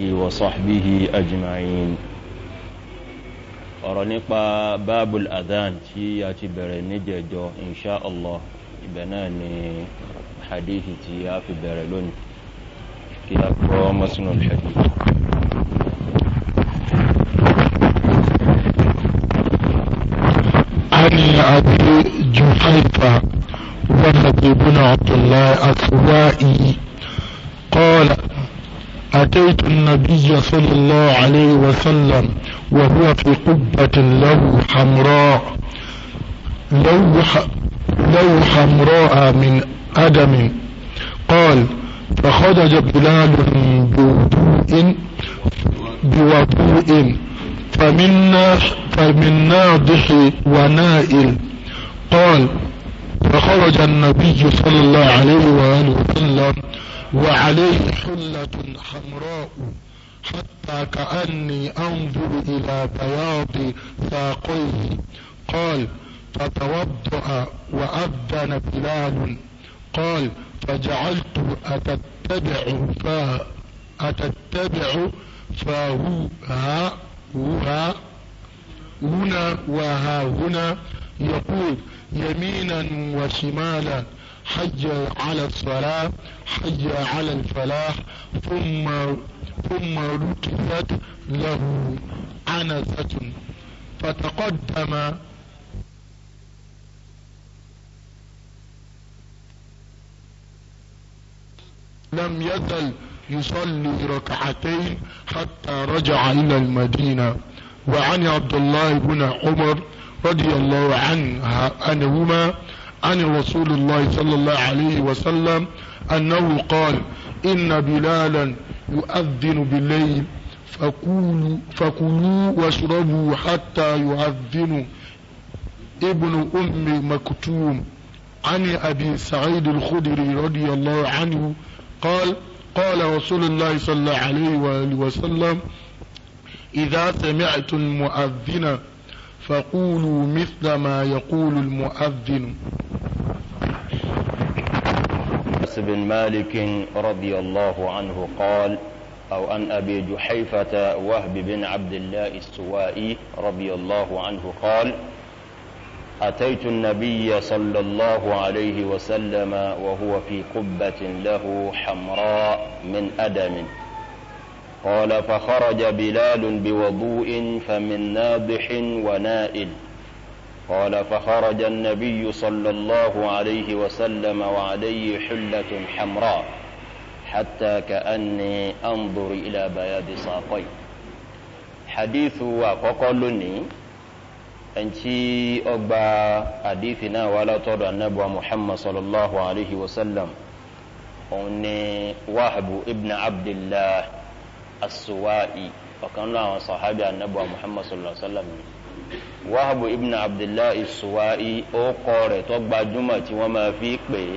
وصحبه أجمعين ọ̀rọ̀ nípa báàbùl adhan tí a ti bẹ̀rẹ̀ níjẹ̀jọ́ insha allah ibẹ̀ náà ni hadithi tí a fi bẹ̀rẹ̀ lónìí kí a kọ́ masinu hadith. ani abi juhaifa wa nabi ibn abdullah aswa'i qala أتيت النبي صلى الله عليه وسلم وهو في قبة له حمراء لو, حمراء من أدم قال فخرج بلال بوضوء بوضوء فمن فمن ناضح ونائل قال فخرج النبي صلى الله عليه وآله وسلم وعليه حلة حمراء حتى كأني أنظر إلى بياض ساقيه قال فتوضأ وأذن بلال قال فجعلت أتتبع فا أتتبع فهو ها وها هنا وها هنا يقول يمينا وشمالا حج على الصلاة حج على الفلاح ثم ثم ركبت له عنزة فتقدم لم يزل يصلي ركعتين حتى رجع الى المدينة وعن عبد الله بن عمر رضي الله عنه عنهما عن رسول الله صلى الله عليه وسلم أنه قال إن بلالا يؤذن بالليل فكلوا, فكلوا واشربوا حتى يؤذن ابن أم مكتوم عن أبي سعيد الخدري رضي الله عنه قال قال رسول الله صلى الله عليه وآله وسلم إذا سمعت المؤذن فقولوا مثل ما يقول المؤذن أنس بن مالك رضي الله عنه قال أو عن أبي جحيفة وهب بن عبد الله السوائي رضي الله عنه قال أتيت النبي صلى الله عليه وسلم وهو في قبة له حمراء من أدم قال فخرج بلال بوضوء فمن ناضح ونائل قال فخرج النبي صلى الله عليه وسلم وعليه حلة حمراء حتى كأني أنظر إلى بياض ساقي حديث وقال لني أنتي أبا حديثنا ولا ترى النبوة محمد صلى الله عليه وسلم أني وهب ابن عبد الله السوائي وكان له صحابي النبوة محمد صلى الله عليه وسلم wahabu ibn abdullahi suwai ó kọ rẹ tó gbajúmọ̀ tí wọ́n máa fi pè é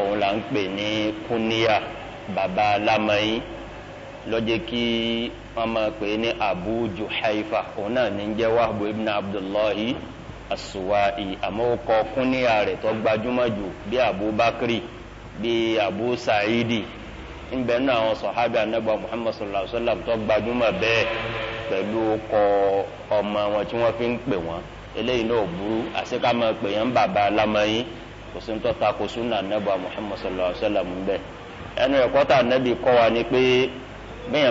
òun là ń pè ní kúníyà bàbá lamayin lọ́jẹ́ kí wọn máa pè é ní abu juhaifa òun náà ní jẹ́ wahabu ibn abdullahi asuwai àmọ́ ó kọ kúníyà rẹ̀ tó gbajúmọ̀ jù bí abubakar bí abu saidi ńbẹ nínú àwọn sọ̀hábì anábà muhammad sallallahu alayhi wa sallam tó gbajúmọ̀ bẹ́ẹ̀ pẹ̀lú ọkọ ọmọ wọn tí wọ́n fi ń pè wọ́n eléyìí náà burú àṣekà máa pè yẹn ń bàbá alámọ̀yìn kò sí ń tọ́ta kò súnà anábà muhammad sallallahu alayhi wa sallam ńbẹ ẹnu ẹ̀kọ́ kọ́ wa ni pé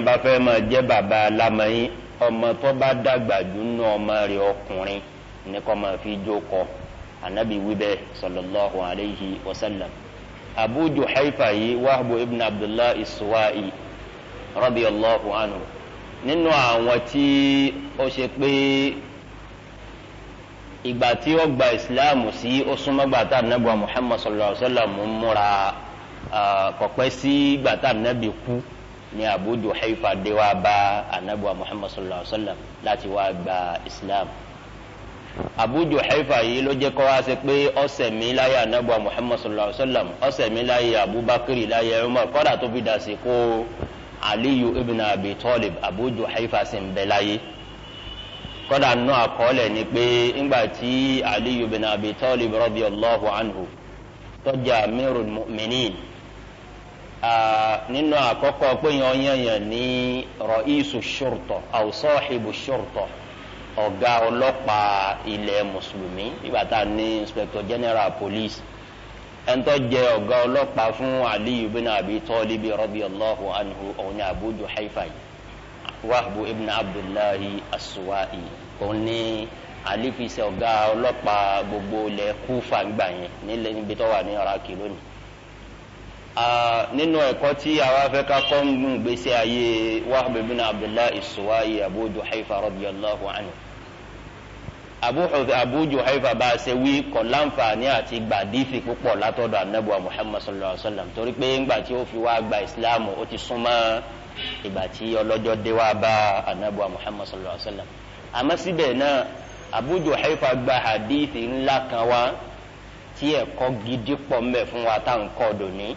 bá fẹ́ máa jẹ́ bàbá alámọ̀yìn ọmọ tó ọmọ rẹ̀ abu juhaifa yìí wahbu ibn abdullah iswa'i radiyallahu anhu nínú àwọn tí ó ṣe pé ìgbà tí ó gba ìsìláàmù sí ó súnmọ́ gbàtà nàbà muhammad sallallahu alayhi wa sallam ń múra kọ̀pẹ́ sí gbàtà nàbì kú ní abu juhaifa dé wá bá anabuwa muhammad sallallahu alayhi wa sallam láti gba ìsìláàmù. Abu Juhayfa yìí ló jẹ́ kó wá ṣe pé ọ̀sẹ̀ mi láyé anabu muhammad sallallahu alayhi wa sallam ọ̀sẹ̀ mi láyé abubakari láyé umar kọ́dà tó fi dàsí kó aliyu ibn abi talib Abu Juhayfa sì ń bẹ láyé kọ́dà nù àkọọ́lẹ̀ ni pé ńgbà tí aliyu ibn abi talib radiyallahu anhu tó jẹ́ amirul nínú àkọ́kọ́ pé yan yan yan ní ra'isu shurta aw sahibu shurta ọ̀gá ọlọ́pàá ilẹ̀ mùsùlùmí nígbà tá a ní inspector general police ẹ̀ńtọ́ jẹ́ ọ̀gá ọlọ́pàá fún aliyu bin abi tọ́líbi radiyallahu anhu òun ni abu juhaifa yìí wahbu ibn abdullahi aswa'i òun ni alifi ṣe ọ̀gá ọlọ́pàá gbogbo ilẹ̀ kúfà gbà nílẹ̀ níbi tó wà ní iraki lónìí nínú ẹ̀kọ́ tí àwa fẹ́ ká kọ́ ń gun gbèsè ayé Wahb bin Abdullahi As-Suwayi Abu Juhayfa radiyallahu anhu Abu Juhayfa bá a ṣe wí kọ́ láǹfààní àti gbàdífì púpọ̀ látọ̀dọ̀ anabuwa Muhammad sallallahu alaihi wa sallam torí pé ńgbà tí ó fi wá gba Islam ó ti súnmọ́ ìgbà tí ọlọ́jọ́ dé wá bá anabuwa Muhammad sallallahu alaihi wa sallam àmọ́ síbẹ̀ náà Abu Juhayfa gba hadithi ńlá kan wá tí ẹ̀kọ́ gidi pọ̀ mbẹ̀ fún wa tá à ń kọ́ dòní.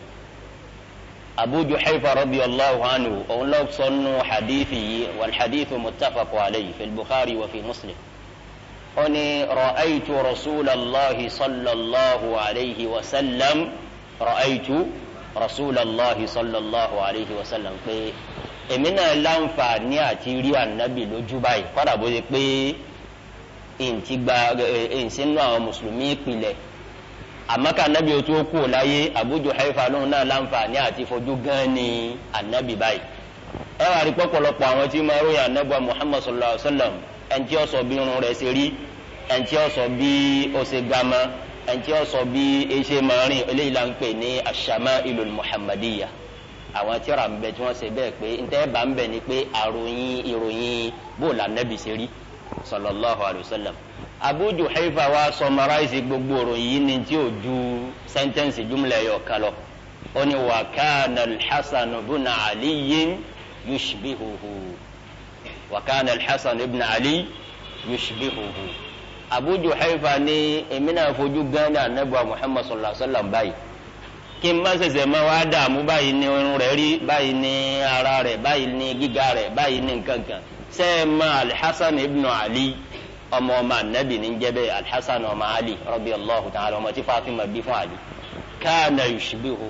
Abu Juhayfa radiyallahu anhu òun ló sọnù hadithi yìí wal hadithu muttafaqu alayhi fi Bukhari wa fi Muslim ó ní ra'aytu rasulallahi sallallahu alayhi wa sallam ra'aytu rasulallahi sallallahu alayhi wa sallam pé èmi náà láǹfààní àti rí ànábì lójú báyìí kọ́dà bó ṣe pé èyí ti gba èyí eh, sínú àwọn mùsùlùmí ìpìlẹ̀ àmọ́ká anabi o tó kú láyé Abu Juhayfa lóhùn náà láǹfààní àti fojú gan ni anabi báyìí ẹ wà rí pọ̀pọ̀lọpọ̀ àwọn tí máa ròyìn anabi Muhammad sallallahu alayhi wa sallam ẹnití ó sọ bí irun rẹ̀ ṣe rí ẹnití ó sọ bí ó ṣe gama ẹnití ó sọ bí ẹṣẹ e máa rìn eléyìí là ń pè ní ash-shama'ilul muhammadiyya àwọn tíra ń bẹ tí wọ́n ṣe bẹ́ẹ̀ Abu Juhayfa wa sọmaraisi gbogbo ìròyìn yìí ni tí ó ju sẹ́ńtẹ́ǹsì jumla yọ kalọ ó ní wa kana al-Hasan ibn Aliyin yushbihuhu wa kana al-Hasan ibn Ali yushbihuhu Abu Juhayfa ní èmi náà fojú gánà anabu Muhammad sallallahu alaihi wa sallam báyìí kí n má ṣẹ̀ṣẹ̀ máa wá dààmú báyìí ni irun rẹ̀ rí báyìí ni ara rẹ̀ báyìí ni gíga rẹ̀ báyìí ni nǹkan kan sẹ́ẹ̀ ma al ibn Ali ọmọ ọmọ anabi ní jẹ́bẹ̀ alḥasan ọmọ ali rọ́bì allahu ta'ala ọmọ tí fatima bí fún ali káàna yushbihu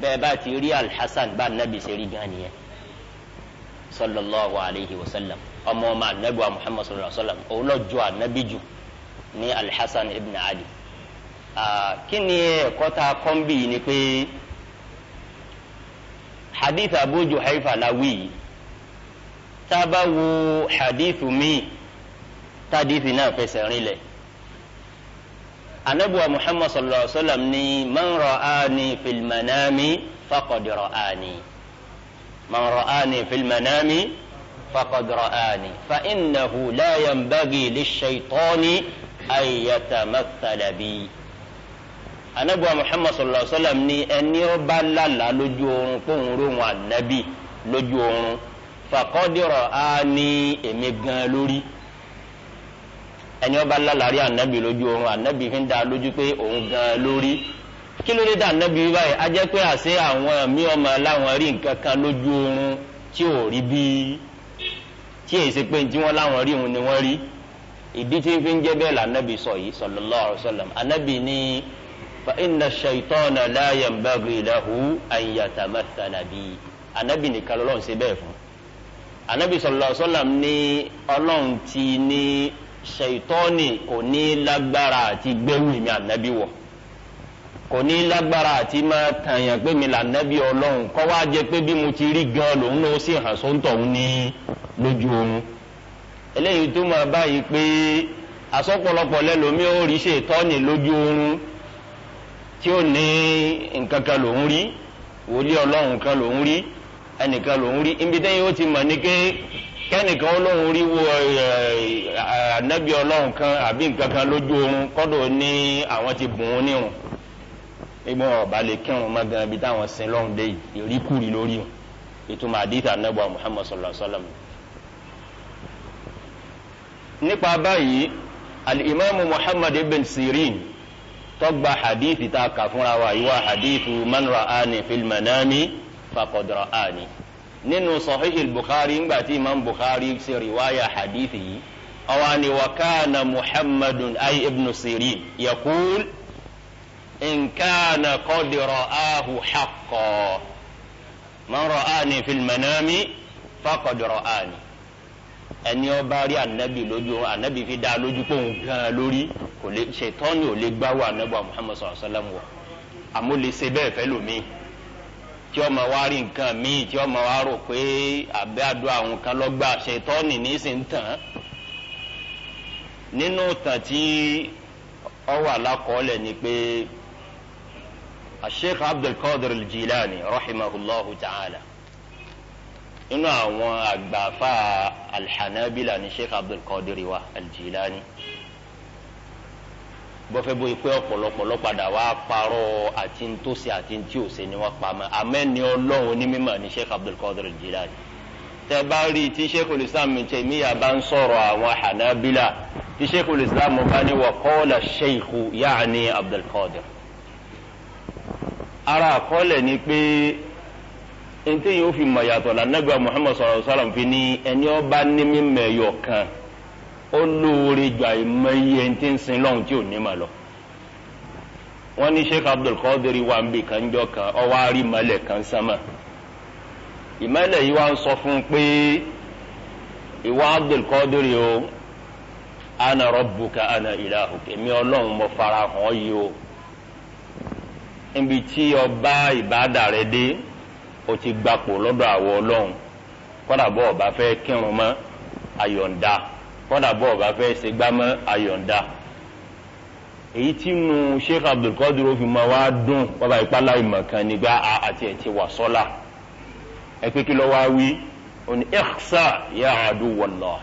bẹ́ẹ̀ bá ti rí alḥasan bá anabi ṣe rí gan nìyẹn sallallahu alayhi wa sallam ọmọ ọmọ anabi wa muhammad sallallahu alayhi wa sallam òun lọ jọ anabi jù ní alḥasan ibn ali kí ni ẹ̀kọ́ ta kọ́ńbì ni pé hadith abu juhaifa lawi tá wo hadith mi tádìfì náà fẹsẹ̀ rinlẹ̀ anabuwa muhammad sallallahu alaihi wa sallam ni man ra'ani fil manami faqad ra'ani man ra'ani fil manami faqad ra'ani fa innahu la yanbaghi lish-shaytani an yatamathala bi anabuwa muhammad sallallahu alaihi wa sallam ni ẹni ó bá lálà lójú oorun kó ń rohun anabi oorun faqad ra'ani èmi lórí ẹni ọba lálàrí ànábì lójú oorun ànábì fi ń da lójú pé òun gan lórí kí ló dé dá ànábì báyìí a jẹ́ pé àṣé àwọn mí ọmọ láwọn rí nǹkan kan lójú oorun tí ò rí bíi tí èyí ṣe pé tí wọ́n láwọn rí òun ni wọ́n rí ìdí tí fi ń jẹ́ bẹ́ẹ̀ lànàbì sọ yìí sallallahu alaihi wasallam ànábì ní fa inna ash-shaytana la yanbaghi lahu an yatamathala bi ànábì nìkan lọ́lọ́run ṣe bẹ́ẹ̀ fún ànábì sallallahu alaihi wasallam ní ti ní ṣètọ́ni kò ní lágbára àti gbẹ́wù mi ànábì wọ̀ kò ní lágbára àti máa tàyàn pé mi là nábì ọlọ́run kọ́ wá pé bí mo ti rí gan lòun náà sì hàn sóńtọ̀ ń ní lójú oorun eléyìí tó máa báyìí pé asọ́pọ̀lọpọ̀ lẹ́lòmí ó rí ṣètọ́ni lójú oorun tí ó ní nǹkan kan lòun rí wòlíì ọlọ́run kan lòun rí ẹnìkan lòun rí ibi ti mọ̀ ní kẹ́nìkan olóhùn ríwo eh, ànábì ọlọ́run kan àbí nǹkan kan lójú oorun kọ́dọ̀ ní àwọn ti bùn ún nírun nígbà wọn ọba lè kírun má gan ibi táwọn sin lọ́hùn dé yìí ìríkùrì lórí wọn ìtumọ̀ àdìtà ànábì Muhammad sallallahu alaihi wasallam. nípa báyìí alimami Muhammad ibn Sirin tọgba hadith tá kà fúnra wa yìí hadith man ra'ani fil manami faqad nínú sọ̀híhì bukhari ńgbà tí imam bukhari ṣe riwaya hadithi yìí ọwọ́ ni wa kana muhammadun ayi ibn sirin yakul nkaana qad ra'ahu haqqan man ra'ani fil manami faqad ra'ani ẹni ọba rí anabi lójú anabi fi dá lójú pé òun gan lórí kò lè ṣètọ́ni ò lè gbáwó anabi muhammad sallallahu alaihi wa sallam wọ àmọ́ lè ṣe tí ọmọ wa rí nǹkan míì tí ọmọ wa rò pé àbẹ́ àdó àwọn kan lọ́gbà ṣètọ́nì nísìnyí tán nínú tàn tí ọ wà lákọọ́lẹ̀ ni pé asheikh abdulkadir jilani rahimahullahu ta'ala nínú àwọn àgbàfà alhanabila ni sheikh abdulkadir wa aljilani bọ́fẹ́ bóyá pé ọ̀pọ̀lọpọ̀lọ́ padà wá parọ́ àti ntòsí àti ntí òsè ni wọ́n pa mọ́ amẹ́ni ọlọ́run ní mímọ́ ní sheikh abdulkadir jilani tẹ bá rí tí sheikh islam tẹmíyà bá ń sọ̀rọ̀ àwọn hanabila tí sheikh islam bá ní wọ́n kọ́ọ̀lá sheikh yaani abdulkadir ara àkọọ́lẹ̀ ni pé ntẹ́yìn ó fi mọ̀ yàtọ̀ lànàgbà muhammad sallallahu alaihi wasallam fi ní ẹni ọba ní mímọ́ ẹ̀yọ̀ kan ó lóore ju àìmọye ẹni tí ń sin lọ́hùn tí ò ní mà lọ. wọ́n ní Sheikh Abdul Qadir wa ń bè kan jọ kan ọ wá rí ìmọ̀lẹ̀ kan sánmà ìmọ̀lẹ̀ yìí wá ń sọ fún un pé ìwọ Abdul Qadir o ana rabbuka ana ilahuk èmi ọlọ́run mo fara hàn yìí o níbi tí ọba ìbáàdà rẹ dé o ti gbapò lọ́dọ̀ àwọ ọlọ́run kọ́dà bọ́ ọba fẹ́ kírun mọ́ àyọ̀ǹda kọ́dà bọ́ ọ̀bá fẹ́ ṣe gbámọ́ ayọ̀ǹda èyí tí nu Sheikh Abdul Qadir fi máa wá dùn bàbá ìpàlà ìmọ̀kan nígbà àti ẹ̀tì wà sọ́la ẹ pé kí lọ́ wá wí òní ikhsa ya aduwallah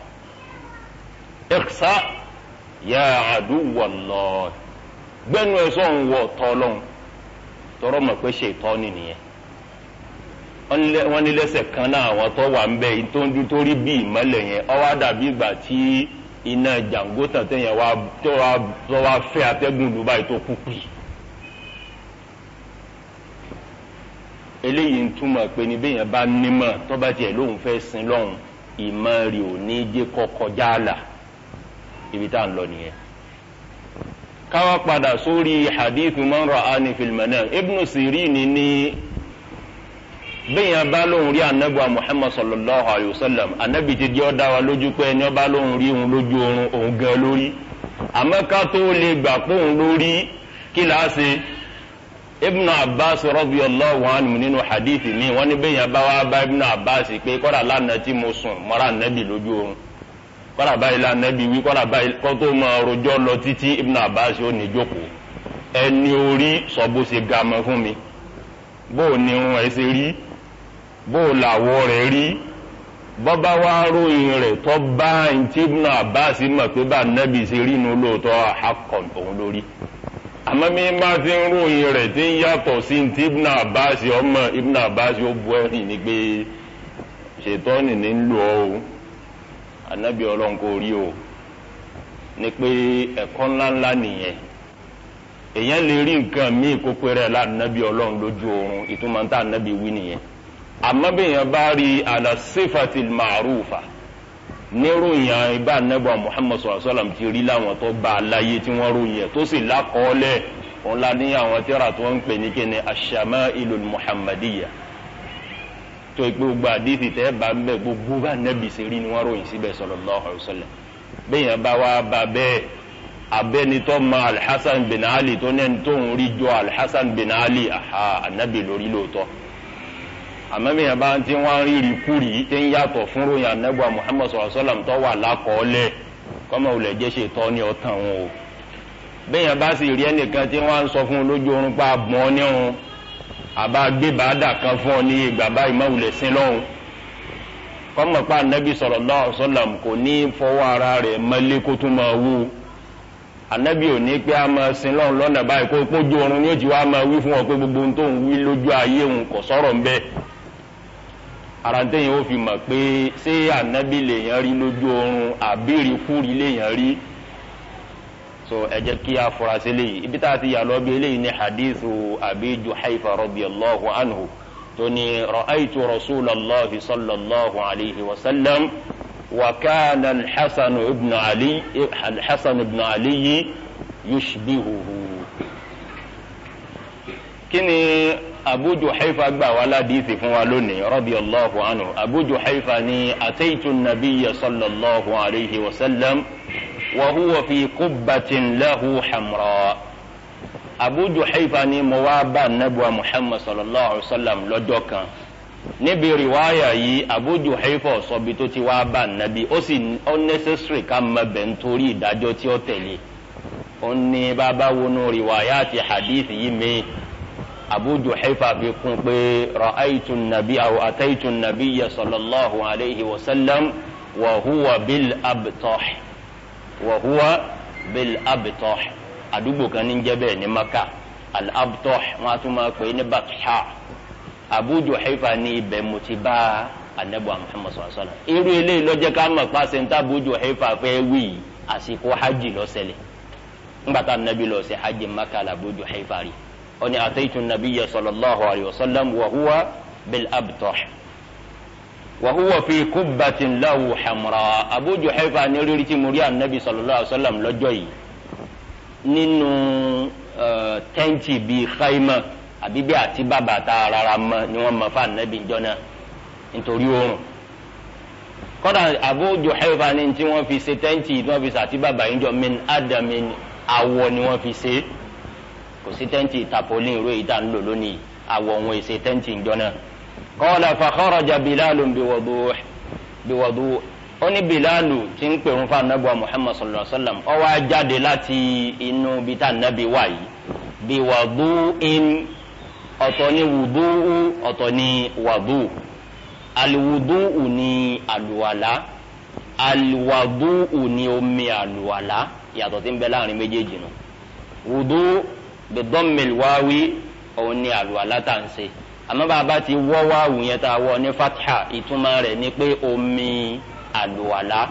ikhsa ya aduwallah gbẹ́nu ẹ̀ sọ̀ ń wọ̀ tọ́ lọ́hùn tọ́rọ́ mọ̀ pé ṣe ìtọ́ nìyẹn wọ́n ní lẹ́sẹ̀ kan náà àwọn tó wà ń bẹ yìí tó ń dún tó rí bí ìmọ́lẹ̀ yẹn ó wá dàbí ìgbà tí iná jàǹgó tàn tẹ̀yẹ̀ wá tó wá fẹ́ atẹ́gùn ló báyìí tó kúkú yìí. eléyìí ń túmọ̀ pé ní bẹ́ẹ̀ yẹn bá nímọ̀ tó bá tiẹ̀ lóun fẹ́ sin lọ́hùn ìmọ̀ rẹ̀ ò ní jẹ́ kó kọjá ibi tá à ń lọ nìyẹn. káwá padà sórí hadith man ra'ani fil Sirini ní bẹ́ẹ̀yàn bá lóun rí anabuwa muhammad sallallahu alayhi wa sallam anabi ti di ọ̀dà wa lójú pé ẹni ọba lóun rí òun lójú oorun òun gan lórí àmọ́ ká tó lè gbà pé òun lórí kí làá ṣe ibnu abbas radiyallahu anhu nínú hadithi mi wọ́n ní bẹ́ẹ̀yàn bá wá bá ibnu abbas pé kọ́ra lánàá tí mo sùn mọ́ra anabi lójú oorun kọ́ra báyìí lánàá wí kọ́ra báyìí kọ́ tó mọ rojọ́ lọ títí ibnu abbas ó ní jókòó ẹni orí sọ bó ṣe ga mọ́ fún mi bó o ní irun ẹ ṣe rí bó làwọ̀ rẹ̀ rí bọ́bá wá ròyìn rẹ̀ tó bá ntí ibùnà Abbas mọ̀ pé bá nẹ́bí ṣe rí inú lóòótọ́ àkọ́ òun lórí àmọ́ mi máa ti ń ròyìn rẹ̀ tí ń yàtọ̀ sí ntí ibùnà Abbas ọmọ ibùnà Abbas ó bu ẹ̀rìn ni pé ṣètọ́nì ní ń lò ó anábì ọlọ́run kò rí o ni pé ẹ̀kọ́ ńláńlá nìyẹn èèyàn lè rí nǹkan míì kó pé rẹ̀ lánàbì ọlọ́run lójú oorun ìtumọ̀ ń tà wí nìyẹn àmọ́ bí èèyàn bá rí àlà sífàtì màrúfà níròyìn ìbá nẹ́bà Muhammad sọ̀rọ̀ sọ́làm ti rí láwọn tó bá a láyé tí wọ́n ròyìn ẹ̀ tó sì lákọọ́lẹ̀ òun la ní àwọn tíra tó ń pè ní kíni àṣàmá ìlú Muhammadiyya tó gbogbo àdìsí tẹ́ bá ń bẹ̀ gbogbo bá nẹ́bì sí rí ni wọ́n ròyìn síbẹ̀ sallallahu alaihi wasallam bí èèyàn bá wá bá bẹ́ẹ̀ abẹ́nitọ́ ma alhassan bin ali tó ní tó ń rí jọ alhassan bin ali àhà ànábì lórí lóòótọ́ àmọ́ bí yẹn bá ti wọ́n rí rìkúrì tí ń yàtọ̀ fún ròyìn anábọ̀ Muhammad sọ̀rọ̀ sọ́làm tó wà lákọọ́lẹ̀ kọ́mọ òlẹ̀ jẹ́ ṣe tọ́ ní ọ̀tàn wọn o bí yẹn bá sì rí ẹnìkan tí wọ́n á sọ fún un lójú oorun pa àbọ̀ ọ́ nírun àbá gbé bàádà kan fún ọ ní ìgbà báyìí má wulẹ̀ sí lọ́hùn kọ́mọ pa anábì sọ̀rọ̀ lọ́wọ́ sọ́làm anabi ò pé a máa sin lọ́run lọ́nà báyìí kó pójú oorun ni ó ti wá máa wí fún ọ pé gbogbo ohun tó ń wí lójú ayé òun kò sọ̀rọ̀ ń bẹ́ẹ̀ àràǹtẹ̀yìn ó fi mọ̀ pé ṣé ànábì lèèyàn rí lójú oorun àbírikúri lèèyàn rí so ẹ jẹ́ kí a fura sí eléyìí ibi tá a ti yà lọ bí eléyìí ní hadithu Abi Juhayfa radiyallahu anhu tó ní ra'aytu rasulallahi sallallahu alayhi wa sallam wa kana alḥasan ibn ali yushbihuhu kí ni Abu Juhayfa gbà wá ládìísì fún wa lónìí radiyallahu anhu Abu Juhayfa ni ataitu nabiyya sallallahu alayhi wa sallam wa huwa fi qubbatin lahu hamra Abu Juhayfa ni mo wá bá nabuwa Muhammad sallallahu alayhi wa sallam lọ́jọ́ kan níbi rìwáyà yìí Abu Juhayfa sọbi tó ti wá bá nabi ó sì unnecessary ká mọ bẹ́ẹ̀ nítorí ìdájọ́ tí ó tẹ̀lé ó ní bàbá wọnú rìwáyà àti hadith yìí mẹ́ẹ́ abu juhaifa fi kún pé ra'aytu nabi aw ataitu nabiya sallallahu alayhi wa sallam wa huwa bil abtah wa huwa bil abtah àdúgbò kan ní jẹ́ bẹ́ẹ̀ ní maka al abtah wọn a tún máa pè é ní bakha abu juhaifa ní ibẹ̀ mo ti bá anabu muhammad sallallahu alayhi wa sallam irú eléyìí lọ́jọ́ ká mọ̀ pàṣẹ ní abu juhaifa fẹ́ wí àsìkò hajj ló ṣẹlẹ̀ ńgbàtà nàbí lọ sí hajj maka làbójú haifari أني أتيت النبي صلى الله عليه وسلم وهو بالأبطح وهو في كبة له حمراء أبو جحيفة نريد مريا النبي صلى الله عليه وسلم لجوي nínú tẹ́ǹtì bíi xaima àbí bí àti bàbà tá a rárá mọ ni wọ́n mọ fáwọn nẹ́bí ìjọ náà nítorí oorun kọ́dà Abu Juhayfa ni tí wọ́n fi ṣe tẹ́ǹtì tí wọ́n fi ṣe àti bàbà yìí jọ min adamin awọ ni wọ́n fi ṣe kò sí tẹ́ǹtì tapolin ìró ìta ńlò lónìí àwọ̀ òun èsè tẹ́ǹtì ìjọ náà. kọ́ọ̀lá fàkọ́rọ̀jà bìláàlù bìwọ̀dù ó ní bìláàlù tí ń pèrún fún anábọ̀ muhammad sallallahu alayhi wa sallam ó wá jáde láti inú ibi tá anábì yìí bìwọ̀dù in ọ̀tọ̀ ni wùdú ọ̀tọ̀ ni wàdù aliwudu ni àlùwàlá aliwadu ni omi àlùwàlá yàtọ̀ tí ń bẹ láàrin méjèèjì nù wudu bidammil wáwí òun ni àlùwàlá tá à ń ṣe àmọ́ bá a bá ti wọ́ wáwù yẹn tá a wọ́ ní fatha ìtumọ̀ rẹ̀ ni pé omi àlùwàlá.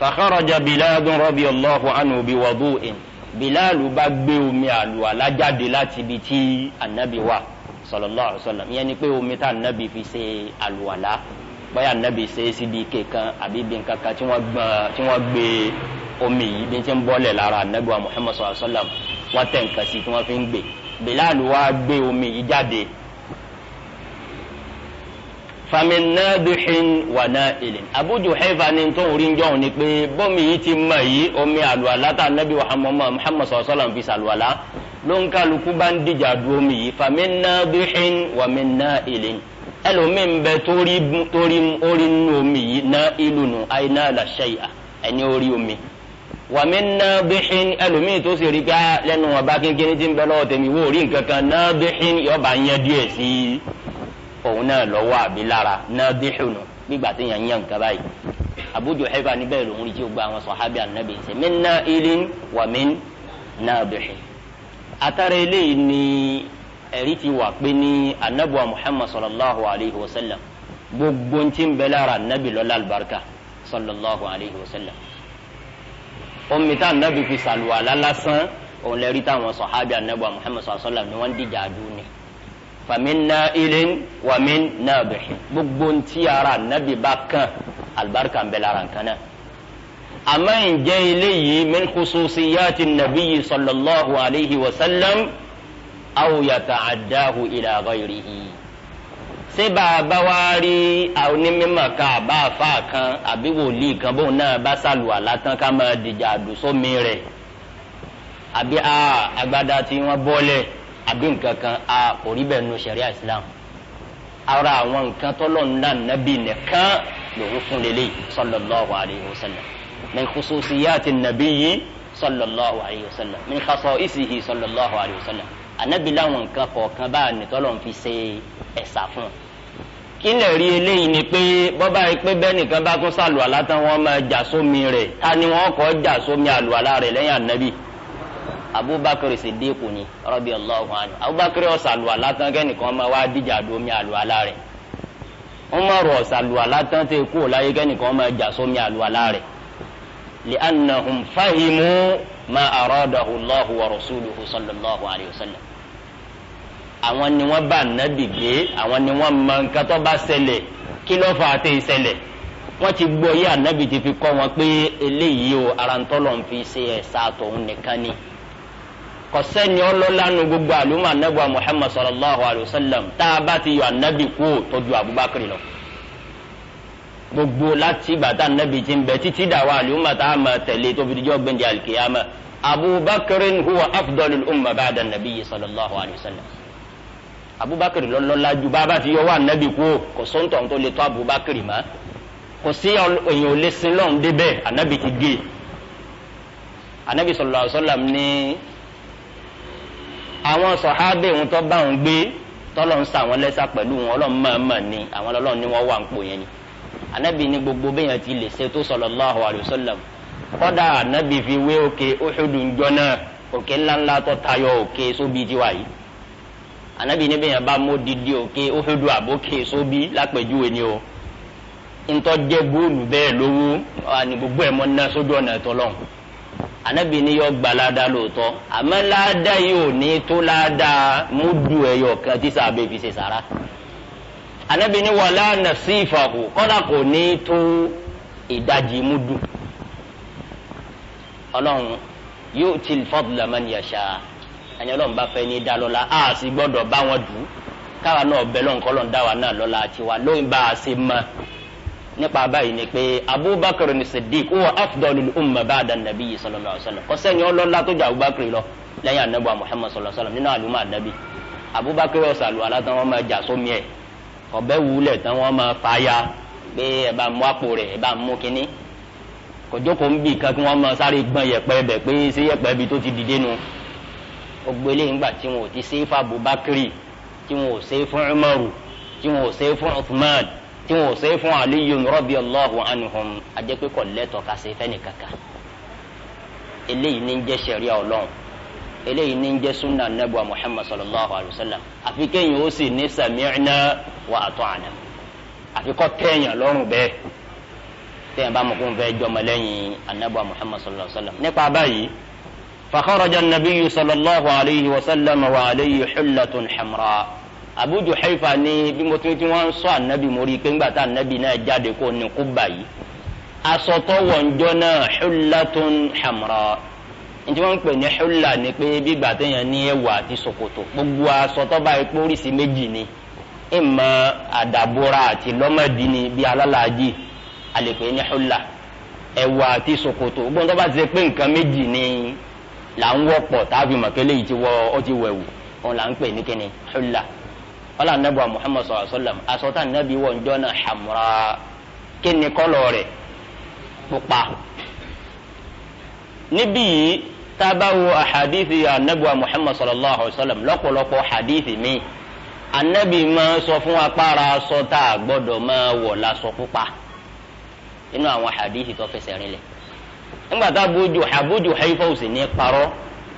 fa kharaja Bilal radiyallahu anhu bi wudu'in Bilalu bá gbé omi àlùwàlá jáde láti ibi tí ànábì wà sallallahu alaihi wasallam ìyẹn pé omi tá ànábì fi ṣe àlùwàlá báyà ànábì ṣe síbi kankan àbí ibi tí wọ́n gbé omi yìí bí ti ń bọ́lẹ̀ lára ànábì wa Muhammad sallallahu alaihi wọ́n tẹ̀ nǹkan sí tí wọ́n fi ń gbé Bilal wá gbé omi yìí jáde famin nadihin wa nailin Abu Juhayfa ni tó ń rí jọ́hún ni pé bọ́mi yìí ti mọ̀ yìí omi àlùwàlá tá nabi muhammad muhammad sallallahu fi sàlùwàlá ló ń kálukú bá ń dìjà du omi yìí famin nadihin wa min nailin ẹlòmíì ń bẹ torí orí nínú omi yìí na ilunu aina la shay'a ẹni orí omi wàmí nàbìhìn ẹlòmíì tó sì rí ká ah, lẹ́nu wọn bá kínkínní tí ń bẹ lọ́wọ́ tèmi wò rí nǹkan kan nàbìhìn yọba yẹn díẹ̀ sí òun náà lọ́wọ́ àbí lára nàbìhìn nígbà tí yẹn yẹn nǹkan báyìí abudu xefa níbẹ̀ lòun rí tí o gba àwọn sọ̀hábì ànábì ṣe mí nà ilin wàmí nàbìhìn atara eléyìí ni ẹ̀rí ti wà pé ní anabuwa muhammad sallallahu alayhi wa sallam gbogbo ntí ń bẹ lára anabi lọ́la albarka sallallahu alayhi wa sallam omi tá ànábì fi sàlùwàlá lásán òun lè rí táwọn sọ̀hábì ànábì muhammed sọ̀sọ́là ni wọ́n dìjà àdúró ni fàmínà ilin wàmínà bẹ̀rẹ̀ gbogbo ntí ara ànábì bá kàn alibarika ń bẹ lára nǹkan náà àmọ́ ǹjẹ́ eléyìí min khususi yaati nabiyyi sallallahu alayhi wa sallam aw yata adaahu ila ghayrihi ṣé bàbá wa rí onímọ̀ kan àbá àfa kan àbí wòlíì kan bóun náà bá sàlùwà látàn ká máa dìjà àdùsómi rẹ̀ àbí agbada tí wọ́n bọ́lẹ̀ àbí nǹkan kan a kò rí nu sẹ̀ríà Islam ara àwọn nǹkan tọ́lọ̀ ńlá nàbì nìkan lòun fún lélẹ̀ sallallahu alayhi wa sallam min khususiyati nàbì yìí sallallahu alayhi wa sallam min khasa'isihi sallallahu alayhi wa sallam anabi láwọn nǹkan kọ̀ọ̀kan bá nìtọ́lọ̀ ń fi ṣe ẹ̀sà fún un kí lè rí eléyìí ni pé bọ́bá rí pé bẹ́ẹ̀ nìkan bá tún sàlù àlá tán wọ́n máa jà sómi rẹ̀ ta ni wọ́n kọ́ jà sómi àlù àlá rẹ̀ lẹ́yìn anabi abubakar sidiku ni rabi allahu anhu abubakar ọ̀sàlù àlá tán kẹ́nìkan máa wá dìjà domi àlù àlá rẹ̀ umaru ọ̀sàlù àlá tán tẹ kú ọ̀láyé kẹ́nìkan máa jà sómi àlù àlá rẹ̀ li'annahum fahimu ma aradahu allahu wa rasuluhu sallallahu alayhi wa sallam àwọn ni wọ́n bá nàbì gbé àwọn ni wọ́n mọ nǹkan tó bá ṣẹlẹ̀ kí ló fà á tẹ ìṣẹlẹ̀ wọ́n ti gbọ́ yé ànábì ti fi kọ́ wọn pé eléyìí o ara ń tọ́lọ̀ ń fi ṣe ẹ̀sà tòun nìkan ni kọ̀sẹ́ni ọlọ́lánu gbogbo àlùmọ́ anábìwa Muhammad sallallahu alayhi wa sallam tá a bá ti yọ anábì kú tọ́jú Abubakar lọ gbogbo láti bàtà anábì ti ń bẹ títí dàwa àlùmọ́ tá a máa tẹ̀lé tó fi dijọ́ alikiyama Abubakar huwa afdalul umma ba'da nabiyyi sallallahu alayhi wa sallam abubakar lọ́lọ́lá ju bàbá ti yọwọ́ anabi kú kò sóńtọ̀ tó lè tó abubakar mọ́ kò sí èyàn ò lè sin lọ́hùn débẹ̀ anabi ti gé anabi sallallahu alaihi wasallam ní àwọn sọ̀hábẹ̀ ń tọ́ bá wọn gbé tọ́lọ̀ ń sa àwọn lẹ́sà pẹ̀lú wọn ọlọ́run mọ̀ọ́mọ̀ ni àwọn ọlọ́run ni wọ́n wà ń pò yẹn ni anabi ní gbogbo bẹ́yàn ti lè ṣe tó sallallahu alaihi wasallam kọ́dà anabi fi wé òkè Uhudu ń jọ náà òkè ńláńlá tó tayọ òkè anabi níbi yẹn bá mú didi òkè òhudu àbókè sóbi lápẹjúwe ni o ntọ́ jẹ́ bóòlù bẹ́ẹ̀ lówó àní gbogbo ẹ̀ mọ́ ná sójú ọ̀nà ẹ̀tọ́ lọ́hùn anabi ni yọ gbalada lóòótọ́ àmọ́ láàdá yìí ò ní tó láàdá múdu ẹ̀yọ kan tí sàbẹ̀ fi ṣe sàrà anabi ni wàlá nàfsí ìfàkù kọ́dà kò ní tó ìdajì múdu ọlọ́run yóò ti fadla man yasha ẹni ọlọ́run bá fẹ́ ní dá lọ́la a sì gbọ́dọ̀ bá wọn dù ú káwa náà bẹ lọ́nkọ́ lọ́n dá wa náà lọ́la àti wa lóyún bá a ṣe mọ́ nípa báyìí ni pé abubakar ni siddiq huwa afdalul umma ba'da nabiyyi sallallahu alaihi wasallam kọ́sẹ́ni ọlọ́lá tó jẹ́ abubakar lọ lẹ́yìn anabu muhammad sallallahu alaihi wasallam nínú àlùmọ́ ànábì abubakar ọ̀sàlù alátàn wọn máa jà sómi ẹ̀ ọ̀bẹ wúlẹ̀ tán wọn máa fàáyà pé ẹ bá mú àpò rẹ̀ ẹ bá mú kínní kòjókòó ń bì kan kí wọ́n máa sáré gbọ́n yẹ̀pẹ̀ bẹ̀ pé ṣé yẹ̀pẹ̀ bi tó ti dìde nu. No ọgbẹ́lẹ́ ńgbà tí wọn ò ti ṣe é fún Abubakari tí wọn ò ṣe é fún Umaru tí wọn ò ṣe é fún Uthman tí wọn ò ṣe é fún Aliyu radiyallahu anhum ajẹ́pẹ́kọ̀ lẹ́tọ̀ ká ṣe fẹ́ni kankan eléyìí ní ń jẹ́ ṣẹ̀ríà Ọlọ́run eléyìí ní ń jẹ́ sunna anabuwa Muhammad sallallahu alayhi wa sallam àfi kéèyàn ó sì ní sami'na wa ata'na àfi kọ́ tẹ̀yàn lọ́rùn bẹ́ẹ̀ tẹ̀yàn bá mọ̀ kó ń fẹ́ jọmọ lẹ́yìn anabuwa Muhammad sallallahu alayhi wa sallam nípa báyìí. فخرج النبي صلى الله عليه وسلم وعليه حلة حمراء Abu Juhayfa ní bí mo tún ti wọn sọ ànábì mo rí i pé ńgbà tá ànábì náà jáde kó ní Kúbà yìí asọtọ wọ̀njọ́ náà hullatun hamra ntí wọ́n ń pè ní hulla ni pé bígbà téèyàn ní ẹ̀wù àti ṣòkòtò gbogbo asọtọ báyìí pé méjì ni ìmọ̀ àdàbòrà àti lọ́mọdì ni bí alálàájì a ní hulla ẹ̀wù àti ṣòkòtò gbọ́n bá ti ṣe pé nǹkan méjì ni là ń wọ́pọ̀ tàbí màkẹ́lẹ́ yìí ti wọ ọ ti òun là ń pè ní kíni hulla ọlá nàbà muhammad sallallahu alayhi wa sallam asọ́tà nàbí wọ̀ njọ́ náà hamra kíni kọ́lọ̀ rẹ̀ pupa. níbí yìí tábàwò àhàdìsì ànàbà muhammad sallallahu alayhi wa sallam lọ́pọ̀lọpọ̀ àhàdìsì mi ànàbì máa sọ fún apára sọ́tà gbọ́dọ̀ máa wọ̀ lásọ pupa inú àwọn àhàdìsì tó fẹsẹ̀ rinlẹ̀ ńgbà tá bójú àbójú haifa ò sì ní parọ́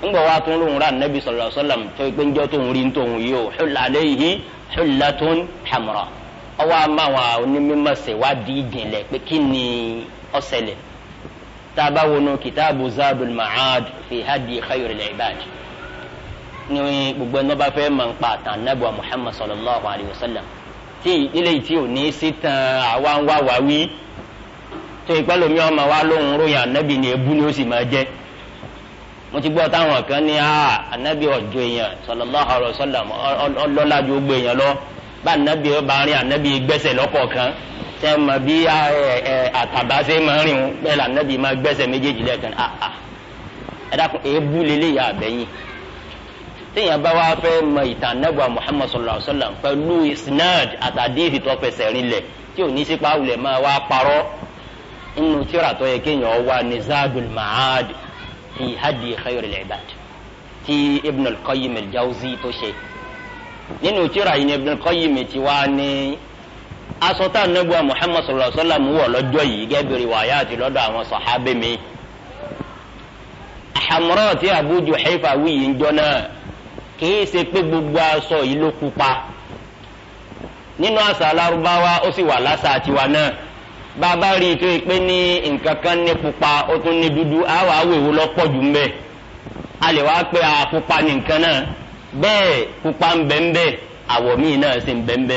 ńgbà wa tún lóhùn rà nàbì sallallahu alaihi wasallam tó pé ńjọ́ tóun rí tóun yìí ó hulla alayhi hullatun hamra ọwọ́ a máa wọn onímọ̀ ṣèwádìí ìjìnlẹ̀ pé kí ni ó ṣẹlẹ̀ tá a bá wọnú kìtàbù zadul ma'ad fi hadi khayril ibad ni gbogbo ẹni bá fẹ́ máa ń pa àtàn nàbì muhammad sallallahu alaihi tí ilé yìí tí ò ní sí tan àwa wá wá wí tó ìpẹ́ lomi ọmọ wa lóhùn ròyìn ànábì ni ebú ni ó sì máa jẹ́ mo ti gbọ́ táwọn kan ní a ànábì ọ̀jọ̀ èèyàn sallallahu alaihi wasallam ọlọ́lá ju gbogbo èèyàn lọ bá ànábì ọba rìn ànábì gbẹ́sẹ̀ lọ́kọ̀ọ̀kan tẹ́ mọ bí àtàbá ṣe máa rìn wọn bẹ́ẹ̀ là ànábì máa gbẹ́sẹ̀ méjèèjì lẹ́ẹ̀kan ẹ dákun èébú lélẹ́yà àbẹ́yìn téèyàn bá wá fẹ́ mọ ìtàn nẹ́gbà Muhammad sallallahu alayhi pẹ̀lú isnad àtàdé ìfìtọ́fẹsẹ̀ rinlẹ̀ tí ò ní sípa máa wá parọ́ nínú tíra tó yẹ kéèyàn wá ní zadul ma'ad fi hadi khayril ibad ti ibn al-qayyim al-jawzi tó ṣe nínú tíra yìí ni ibn al-qayyim ti wá ní asọ́tà anagba muhammad sallallahu alayhi wa sallam wọ̀ lọ́jọ́ yìí gẹ́gẹ́rì wàyà àti lọ́dọ̀ àwọn sàhábẹ́ mi hamra ti abu juhayfa wí yìí ń jọ náà kìí gbogbo aṣọ yìí ló pupa nínú àṣà alárúbáwá ó sì wà láṣà tiwa náà bàbá rí i tó yẹ pé ní nǹkan kan ní pupa ó tún ní dúdú àwọn awèwo lọ́pọ̀ jù ń bẹ̀ a lè wá pé àpupa ní nǹkan náà bẹ́ẹ̀ pupa ń bẹ ń àwọ̀ míì náà sì ń bẹ ń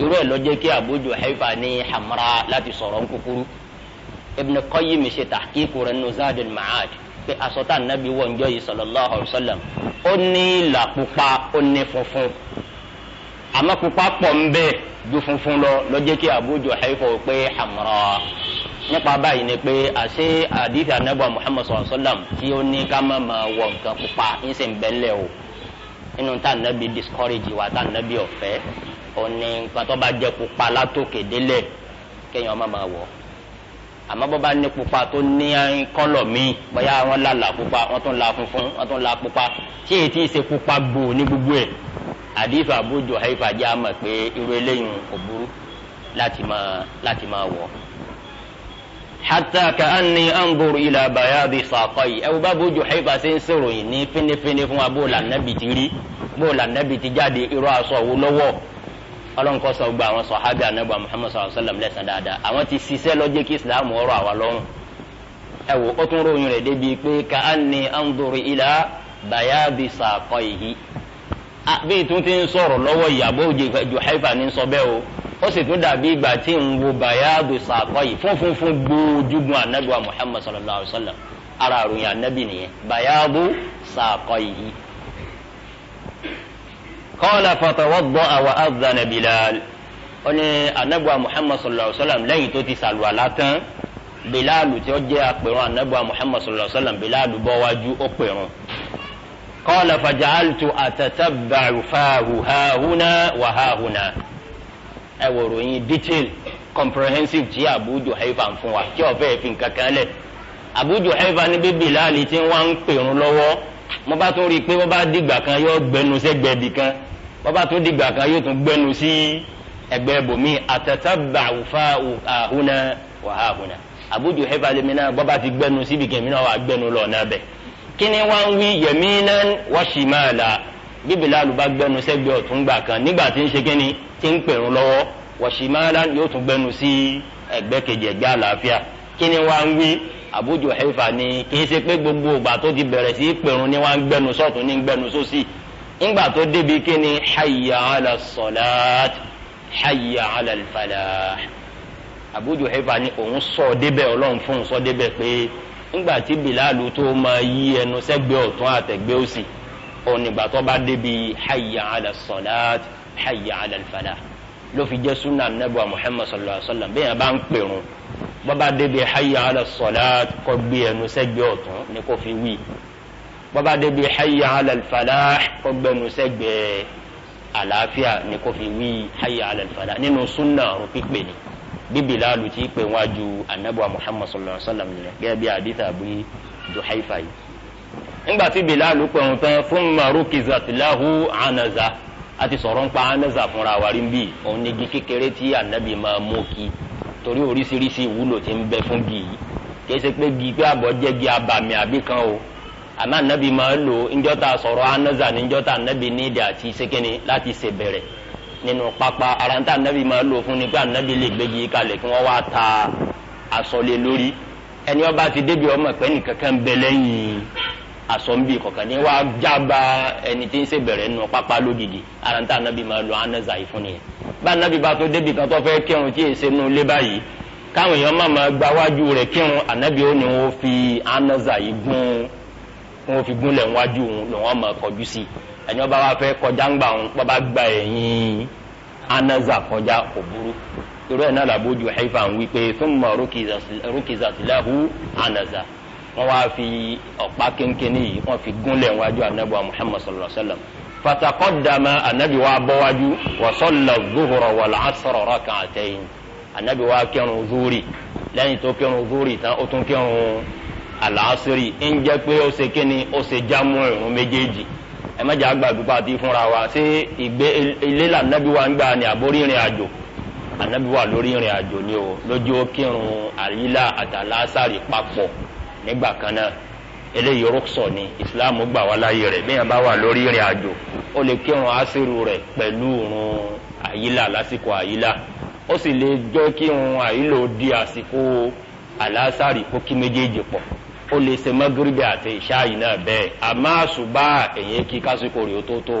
irú ẹ̀ ló kí Abu Juhayfa ní hamra láti sọ̀rọ̀ nkúkúrú Ibn Qayyim ṣe tahqiqu rẹ̀ nù Zadul Ma'ad pé asọ́tà nàbí wọ̀ njọ́ yìí sallallahu alaihi wasallam ó ní ìlà pupa ó ní funfun àmọ́ pupa pọ̀ ń bẹ ju funfun lọ lọ́jẹ́ kí Abu Juhayfa pé hamra nípa báyìí ni pé àṣé àdìsí anábọ̀ Muhammad sallallahu alaihi wasallam tí ó ní ká má máa wọ nǹkan pupa ń sì bẹ́lẹ̀ o inú tá nàbí discourage wa tá nàbí ọ̀fẹ́ òní nǹkan tó bá jẹ́ pupa látòkè délẹ̀ kéèyàn má máa wọ̀ àmọ́ bó bá ní pupa tó ní kọ́lọ̀ míì bóyá wọ́n lálà pupa wọ́n tún la funfun wọ́n tún la pupa tí èyí tí ṣe pupa gbòò ní gbogbo àdìsọ Abu Juhayfa jẹ́ àmọ̀ pé irú eléyìí kò burú láti máa láti máa wọ̀ hatta ka'anni anzuru ila bayadi saqai ẹ̀wọ́n bá Abu Juhayfa ṣe ń sèròyìn ní fínífíní fún wa bóòlù ànábì ti rí bóòlù ànábì ti jáde irú aṣọ wo lọ́wọ́ ọlọ́nkọ́ sọ gba àwọn sọ̀hábì ànábì Muhammad sallallahu alayhi wa sallam lẹ́sàn dáadáa àwọn ti ṣiṣẹ́ lọ́jọ́ kí Islam ọ̀rọ̀ àwa lọ́rùn ẹ wò ó tún ròyìn rẹ̀ débi pé ka'anni anzuru ila bayadi saqaihi Ah, bí tún ti ń sọ̀rọ̀ lọ́wọ́ ìyàbọ̀ Juhaifa ní sọ bẹ́ẹ̀ o ó sì tún dàbí ìgbà tí ń wo bayadu sàkọ́ yìí funfun fún gbójúgun anabi wa Muhammad sallallahu alayhi wa sallam ara àròyìn anabi nìyẹn bayadu sàkọ́ yìí. qala fatawadda'a wa adhana Bilal ó ní anabi wa Muhammad sallallahu alayhi wa sallam lẹ́yìn tó ti sàlùwàlá tán Bilalu tí ó jẹ́ apẹ̀rún anabi wa sallallahu alayhi wa sallam Bilalu bọ́ wájú ó pẹ̀rún. قال فجعلت أتتبع فاه هاهنا وهاهنا ẹ wò ròyìn detail comprehensive tí Abu Juhayfa ń fún wa tí ọ̀fẹ́ fi nǹkan kan lẹ̀ Abu Juhayfa ní bí Bilali tí wọ́n ń pèrún lọ́wọ́ mo bá tún rí i pé wọ́n bá dìgbà kan yóò gbẹnu sẹ́gbẹ̀ẹ́ bì kan wọ́n bá tún dìgbà kan yóò tún gbẹnu sí ẹgbẹ́ bòmí atatabba'u fa'u hahuna wa hahuna Abu Juhayfa lèmi náà bọ́ bá ti gbẹnu síbi kèmí náà wà gbẹnu lọ náà bẹ́ẹ̀ kíni wá ń wí yaminan wa shimala bí Bilalu bá gbẹnu sẹ́gbẹ̀ẹ́ ọ̀tún gbà kan nígbà tí ń ṣe kíni tí ń pèrún lọ́wọ́ wa shimala yóò tún gbẹnu sí ẹgbẹ́ kejì ẹgbẹ́ àlàáfíà kíni wá ń wí Abu Juhayfa ni kì í ṣe pé gbogbo ìgbà tó ti bẹ̀rẹ̀ sí pèrún ni wá ń gbẹnu sọ́tún ní gbẹnu sósì ńgbà tó débi kíni hayya ala salat hayya ala al falah Abu ni òun sọ débẹ̀ ọlọ́run fún un sọ débẹ̀ pé ńgbàtí bilalu tó máa yí ẹnu sẹ́gbẹ́ ọ̀tún àtẹ̀gbẹ́ òsì ònìgbà tó bá débi hayya ala salat hayya ala falah ló fi jẹ́ sunna anabi wa muhammad sallallahu alaihi wa sallam bẹ́ẹ̀ bá ń pèrún bọ́ba débi hayya ala salat kó gbé ẹnu sẹ́gbẹ́ ọ̀tún ni kó fi wí bọ́ba débi hayya ala falah kó gbé ẹnu sẹ́gbẹ́ àlàáfíà ni kó fi wí hayya ala falah nínú sunna rò ni bíbélà lu ti pe wájú anabuwa muhammad sallallahu alaihi wa sallam nìyẹn gẹ́gẹ́ bí hadith abu duhaifa yìí. nígbà tí bilal pè wọn tán fún maruki zatilahu anaza a ti sọ̀rọ̀ ń pa anaza fúnra wa rí bí òun ní igi kékeré tí anabi máa mú kí torí oríṣiríṣi ìwúlò ti ń bẹ fún gi yìí kìí ṣe pé gi pé àbọ̀ jẹ́ gi abàmì àbí kan o àmọ́ anabi máa ń lò sọ̀rọ̀ anaza ní ńjọ́ta anabi ní ìdí àti ṣékéni láti ṣèbẹ̀rẹ̀ nínú pápá ara tá ànábì máa lò fún ni pé ànábì lè gbégi kalẹ̀ kí wọ́n wá ta asọ̀lé lórí ẹni ọba ti débi ọmọ pẹ́ nìkankan bẹ lẹ́yìn asọ̀nbí kọ̀ọ̀kan ní wàá jábà ẹni tí ń ṣe bẹ̀rẹ̀ nínú pápá lógìgì ara tá ànábì máa lò anaza yìí fún nìyẹn bá ànábì bá tó débi kan tó fẹ́ kírun tí èsè nu lé báyìí káwọn èèyàn máa máa gba wájú rẹ̀ kírun ànábì ó ní wọ́n fi anaza yìí gún wọ́n fi gúnlẹ̀ wájú ẹni ọba wa fẹ́ kọjá ń gbà wọn bàbá gba ẹ̀yìn anaza kọjá kò burú irú ẹ̀ náà làbójú haifa ń wí pé thumma rukizat lahu anaza wọn wá fi ọ̀pá kínkínní yìí wọn fi gúnlẹ̀ wájú anabi wa muhammad sallallahu alayhi wa sallam fataqaddama anabi wa bọ́wájú wa salla zuhura wal asra rak'atayn anabi wa kírun zuri lẹ́yìn tó kírun zuri tán ó tún kírun aláàsírì ń jẹ́ pé ó ṣe kíni ó ṣe jámù ìrun méjèèjì ẹ má jà gbàgbé pàtí fúnra wa ṣé ìgbé ilé lànàbí wa ń gbà ní àbórí ìrìn àjò ànàbí wa lórí ìrìn àjò ni o lójú ó kírun àyílà àtàlásàrì papọ̀ nígbà kan náà eléyìí rúkṣọ ni ìsìláàmù gbà wá láyé rẹ̀ bí yẹn bá wà lórí ìrìn àjò ó lè kírun àṣírù rẹ̀ pẹ̀lú òrùn àyílà lásìkò àyílà ó sì lè jẹ́ kírun àyílò di àsìkò àlásàrì kó kí méjèèjì pọ̀ o lè ṣe magiribi àti ìṣáàyì náà bẹ́ẹ̀ àmọ́ àṣùbà èyí kí kásìkò rèé tó tó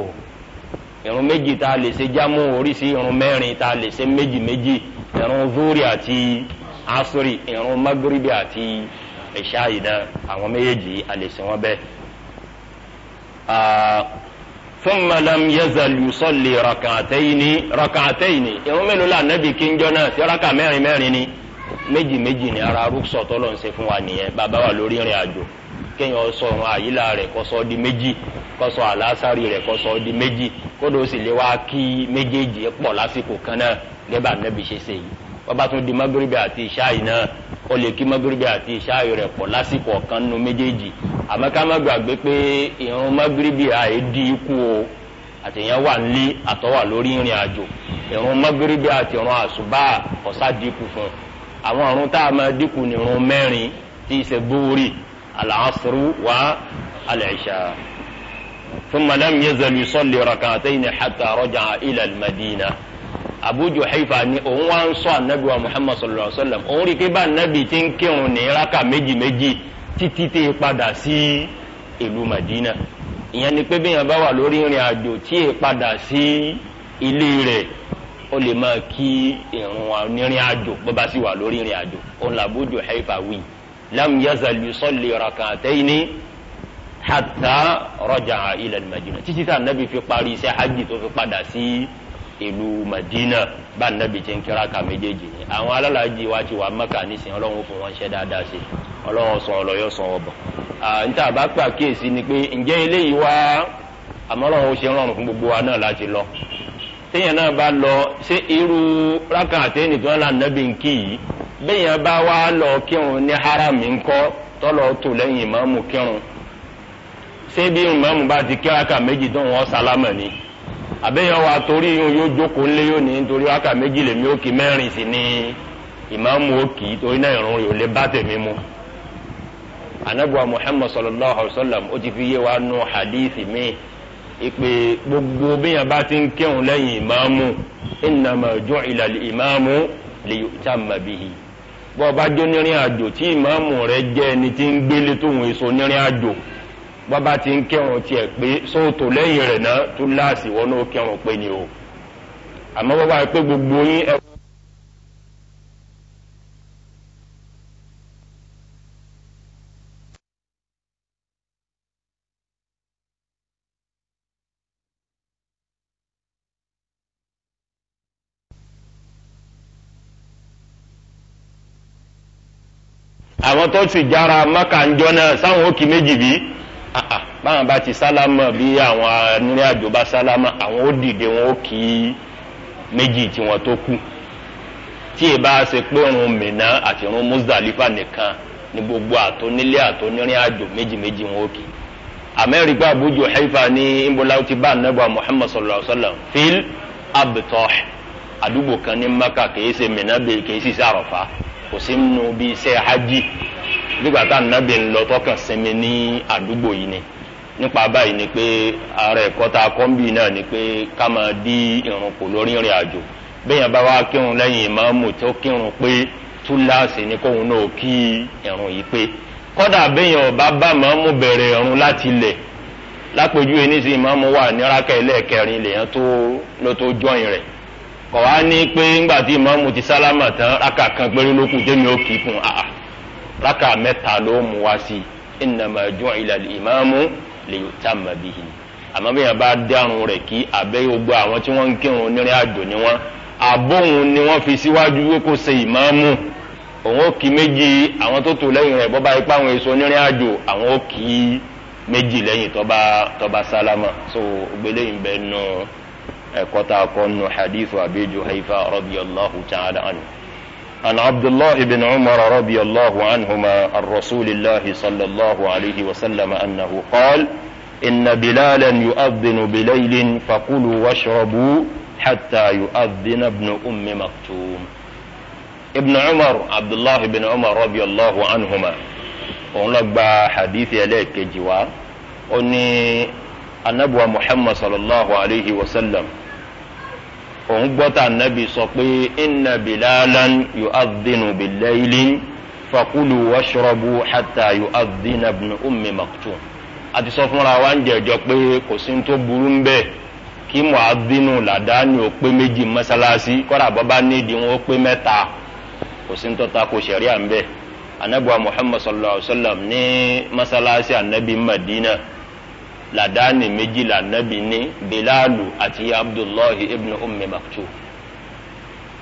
irun méjì tá a lè ṣe jámù oríṣi irun mẹ́rin tá a lè ṣe méjì méjì irun zuri àti asiri irun magiribi àti ìṣáàyì náà àwọn méjèèjì a lè ṣe wọn bẹ́ẹ̀. ثم لم يزل يصلي ركعتين ركعتين irun mélòó la Ànábì kí ń jọ náà sí rákà mẹ́rin mẹ́rin ni méjì méjì ni ara rúksọ tọ́lọ̀ ń ṣe fún wa nìyẹn bàbá wa lórí ìrìn àjò kéèyàn sọ ìwọn àyílà rẹ̀ kó sọ di méjì kó sọ àlásàrì rẹ̀ kó sọ di méjì kódò ó sì lè wá kí méjèèjì pọ̀ lásìkò kan náà gẹ́gẹ́ ànábì ṣe ṣe yìí bàbá tún di magrebi àti ìṣáì náà ó lè kí magrebi àti ìṣáì rẹ̀ pọ̀ lásìkò ọ̀kan nu méjèèjì àmọ́ ká má gbàgbé pé ìrun magrebi àìdí ikú o àtẹ̀yàn wà nílé àtọ́wà lórí ìrìn àjò ìrun magrebi àti ìrun àṣùbà ọ̀sá dínkù fún un àwọn àrùn tá a máa dínkù ní irun mẹ́rin tí í ṣe bóórì al-asru wa al-isha. ثم لم يزل يصلي ركعتين حتى رجع إلى المدينة Abu Juhayfa ni òun wá ń sọ anabi wa Muhammad sallallahu alaihi wa sallam òun rí i pé bá anabi ti ń kírun ní raka méjì méjì títí tẹ ẹ padà sí ìlú Madina ìyẹn ni pé bíyàn bá wà lórí ìrìn àjò tí ẹ padà sí ilé rẹ̀ ó lè máa kí ìrun onírìn àjò bó bá sì wà lórí ìrìn àjò òun làbójú haifa wí lam yazal yusalli rakataini hatta raja'a ila al-madina títí tá nàbì fi parí iṣẹ́ hajj tó fi padà sí ìlú madina bá nàbì ti ń kíra ka méjèèjì ni àwọn alálàájì wa ti wà mẹ́kà nísìnyí ọlọ́run fún wọn ṣẹ́ dáadáa sí ọlọ́run sọ ọlọ́yọ̀ sọ ọbọ̀ níta bá pàkíyèsí ni pé ǹjẹ́ eléyìí wá àmọ́ ọlọ́run ó ṣe rọrùn fún gbogbo wa náà láti lọ téèyàn náà bá lọ ṣé irú rákà àtẹ́yìn tó ń la nàbì ń kí yìí béèyàn bá wá lọ kírun ní haram ńkọ́ tọ́lọ̀ tó lẹ́yìn ìmáàmù kírun ṣé bí ìmáàmù bá ti kí rákà méjì tó ń wọ́n sálámà ni àbẹ́yẹn wa torí yóò jókòó yóò ní nítorí méjì lèmi ó kí mẹ́rin sí ní ó kì í torí náà yóò mu anabuwa sallallahu wa sallam ó ti fi yé wa nù ìpè gbogbo bíyàn bá ti ń kírun lẹ́yìn ìmáàmù innama ju'ila al-imamu liyutamma bihi bọ́ bá jó nírin àjò tí ìmáàmù rẹ jẹ́ ẹni tí ń gbélé tóun èso nírin àjò bọ́ bá ti ń kírun tiẹ̀ pé sóòtò lẹ́yìn rẹ̀ náà tún láàsì wọnú kírun pé ni o àmọ́ bọ́ bá pé gbogbo yín ẹ̀kọ́. tọ́sù ìjára mọ́kà ń jọ náà sáwọn òkì méjì bí báwọn bá ti sálámà bí àwọn arìnrìn àjò bá sálámà àwọn ó dìde wọn ó kì í méjì tí wọn tó kù tí ì bá ṣe pé òun Mínà àti òun Muzdalifa nìkan ní gbogbo àtọ́nílé àtọ́nírìn àjò méjì wọn ó kì í amẹ́ríkà abudu haifa ní imbola ti bá anabu muhammad sallallahu alaihi wa sallam fil abtah àdúgbò kan ní maka kìí ṣe Mínà bẹ́ẹ̀ kìí ṣe Àràfá kò sí nínú bí iṣẹ́ hajj nígbà tá nàbì ń lọ tọkàn sinmi ní àdúgbò yìí ni nípa báyìí ni pé ara ẹ̀kọ́ tá a kọ́ńbì náà ni pé ká máa dí irun kù lórí ìrìn àjò bẹ́yàn bá wá kírun lẹ́yìn ìmáàmù tó kírun pé túláàsì ni kóun náà kí irun yìí pé kọ́dà bẹ́yàn ọba bá ìmáàmù bẹ̀rẹ̀ irun láti lẹ̀ lápèjúwe nísìnyí ìmáàmù wà ní rákà ẹlẹ́ẹ̀kẹrin tó ló tó rẹ̀ kọ̀ wá ní pé ńgbà tí ìmáàmù ti sálámà tán rákà kan péré ló kù jẹ́mi ó kì í fún àà rákà mẹ́ta ló mú wá sí innama ju'ila al-imamu liyutamma bihi àmọ́ bí yẹn bá dárun rẹ̀ kí àbẹ́ gbogbo àwọn tí wọ́n ń kírun onírìn àjò ni wọ́n àbóhun ni wọ́n fi síwájú wí kó ṣe ìmáàmù òun ó kí méjì àwọn tó tò lẹ́yìn rẹ̀ bọ́ba ipá àwọn èso onírìn àjò àwọn ó kí méjì lẹ́yìn tọ́ba tọ́ba sálámà so ògbélé yìí bẹ́ẹ̀ nù ẹ̀kọ́ tá a kọ́ nù hadithu abi juhaifa radiyallahu ta'ala anhu. عن عبد الله بن عمر رضي الله عنهما عن رسول الله صلى الله عليه وسلم أنه قال إن بلالا يؤذن بليل فقلوا واشربوا حتى يؤذن ابن أم مكتوم ibn umar abdullah ibn umar rabi anhuma òun lọ gba hadithi ẹlẹ́ẹ̀kejì wa ó ní muhammad sallallahu alayhi wa sallam òun gbọ́tà nàbì sọ pé inna bilalan yu'adhdhinu bil-layli fakulu washrabu hatta yu'adhdhina ibn ummi maktum àti sọ fúnra wa ń jẹ́jọ́ pé kò sí tó burú ń bẹ́ẹ̀ kí mu'adhdhinu làdáni ó pé méjì mọ́sálásí kọ́ra bọ́bá nídìí wọn ó pé mẹ́ta kò sí tó ta ko sẹ̀ríà ń bẹ́ẹ̀ anabuwa muhammad sallallahu alaihi wa sallam ní mọ́sálásí anabi madina. làdáni méjìlá nábì ní bilalu àti abdullahi ibn ummi maktum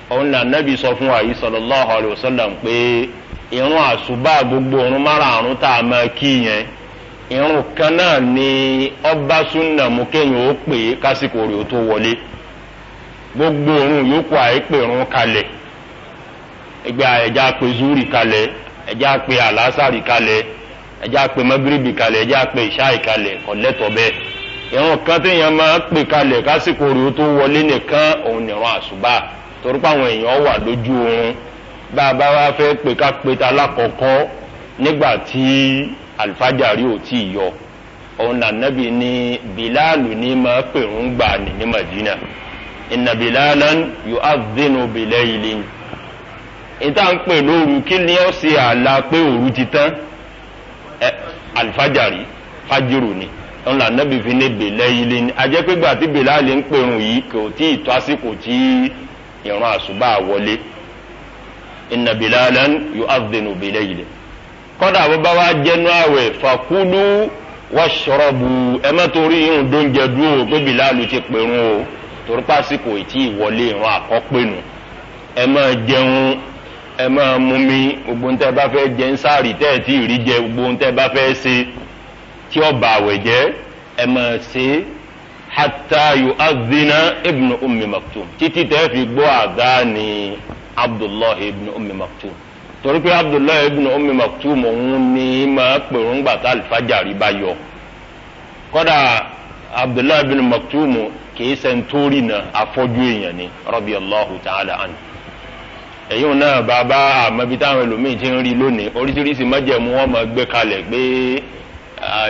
òun là nábì sọ fún wa yìí sallallahu alayhi wa sallam pé irun àṣùbà gbogbo irun márààrún tá a máa kí yẹn irun kan náà ni ọba súnà mú ó pè é kásìkò tó wọlé gbogbo àìpè irun kalẹ̀ ẹgbẹ́ ẹjẹ́ àpè mọ́gírìbì kalẹ̀ ẹjẹ́ àpè ìṣáì kalẹ̀ kọ̀lẹ́tọ̀ bẹ́ẹ̀ ìrun kan téèyàn máa pè kalẹ̀ kásìkò rèé tó wọlé nìkan òun nìran àṣùbà torí pé àwọn èèyàn wà lójú oorun bá a bá wá fẹ́ pè ká pè ta lákọ̀ọ́kọ́ nígbà tí alifájàrí ò tí ì yọ òun nànàbì ni bilalu ni máa pè ń gbà ní ní madina inna bilalan yu'adhdhinu bilaylin ìta ń pè lóru kí ni ó ṣe àlà pé òru ti tán ẹ alifajari fajiru ni wọn là nẹ́bi fi ní bèlẹ́ yìí lé ní ajẹ́ pé gbà tí bèlẹ́ àlè ń pèrún yìí kò tí ì tó àsìkò tí ìrun àṣùbà wọlé inna bilalan yu'adhdhinu bilayli kọ́dà bàbá wa jẹnu àwẹ̀ fakulu washrabu ẹ ìhùn dóúnjẹ dúró pé bìláàlù ti pèrún o torí ìtì ìwọlé ìrun àkọ́pẹ́nu ẹ jẹun ẹ máa mú mi gbogbo ń tẹ́ bá fẹ́ jẹ ń sáàrì tẹ́ ẹ̀ tí ì rí jẹ gbogbo ń tẹ́ bá fẹ́ ṣe tí ó bà àwẹ̀ jẹ́ ẹ máa ṣe hatta yu'adhina ibnu ummi maktum títí tẹ́ fi gbọ́ àdá ni abdullahi ibnu ummi maktum torí pé abdullahi ibn ummi maktum òun ni máa pèrún gbàtà alifajari bá yọ kódà abdullahi ibn maktum kìí sẹ́ńtórì náà afọ́jú èèyàn ni radiyallahu ta'ala anhu. ẹ̀yìn náà bàbá àmọ́bí táwọn ẹlòmíì ti ń rí lónìí oríṣiríṣi májẹ̀mú wọn máa gbé kalẹ̀ pé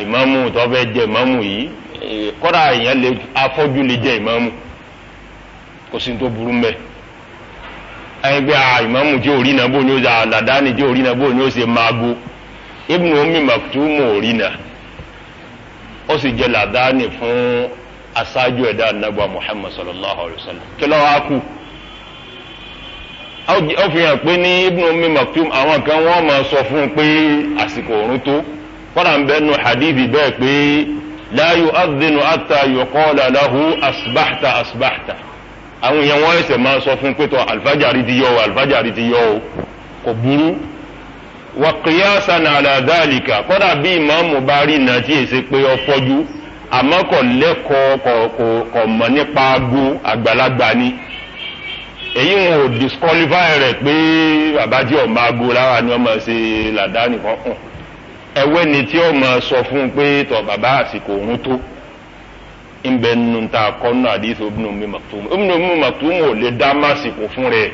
ìmáàmù tó fẹ́ jẹ ìmáàmù yìí eh, kọ́ra èèyàn lè afọ́jú lè jẹ ìmáàmù kò sí tó burú mbẹ́ ẹgbẹ́ ìmáàmù tí ò náà bó ni ó ṣe àlàdáni tí náà bó ni ó ṣe máa go Ibn Ummi Maktum ò Muhammad sallallahu alayhi wa sallam kí ó fi hàn pé ní ibnu ummi maktum àwọn kan wọ́n máa sọ fún un pé àsìkò òórùn tó kọ́ra ń bẹ́ẹ̀ nu hadithi bẹ́ẹ̀ pé la yu'adhdhinu hatta yuqala lahu asbahta asbahta àwọn èèyàn wọ́n ẹsẹ̀ máa sọ fún un pé tọ́ alfajari ti yọ o alfajari ti yọ o kò burú wa qiyasan ala dhalika kọ́ra bí ìmáàmù bá rí iná tí èsè pé ó fọ́jú àmọ́ kò lẹ́kọ̀ọ́ kò mọ̀ nípa agbó àgbàlagbà ni èyí wọn ò disqualify rẹ̀ pé babaji ọmọ ago lára ni wọn máa ṣe làdáni kankan ẹwẹ́ ni tí ó máa sọ fún un pé tọ bàbá àsìkò òun tó ń nínú ta kọ́nù àdìsí obìnrin omi màtúmù obìnrin omi màtúmù ò lè dá màsìkò fún rẹ̀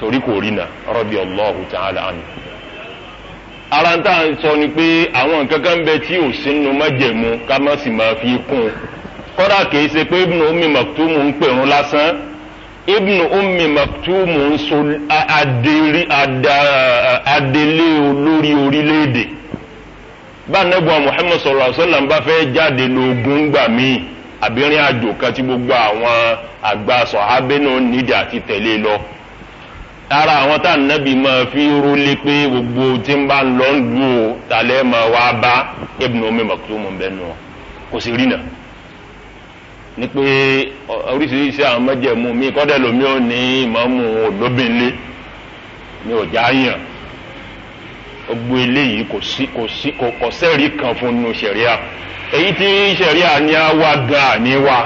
torí kò rí nà rọ́bì Allahu ta'ala anhu ara tá à ń sọ ni pé àwọn nǹkan kan bẹ tí ò sínú májẹ̀mú ká má sì máa fi kún un kódà kìí ṣe pé ibùnú omi màtúmù ń pèrún lásán ibnu ummi maktumu ń so adelé olórí orílẹ̀-èdè bá nẹ́gbọ́n muhammed sallallahu alaihi wasallam bá fẹ́ jáde lóògùn gbà míì àbírin àjò kan tí gbogbo àwọn àgbà sọ̀hábẹ́nù nídìí àti tẹ̀lé lọ ara àwọn tá nàbì máa fi rólé pé gbogbo tí ń bá ń ń lu ò tàlẹ́ máa wá bá ibnu ummi maktumu ń kò sí rí náà ni pé oríṣiríṣi àwọn mẹ́jẹ̀mú mi kọ́dẹ̀ lomi ò ní ìmọ̀ọ́mù òdóbìnlé ni ò já yàn gbogbo eléyìí kò sí kò sí kò kò sẹ́ẹ̀rí kan fún nu sẹ̀ríà èyí tí sẹ̀ríà ní á wá gan àní wá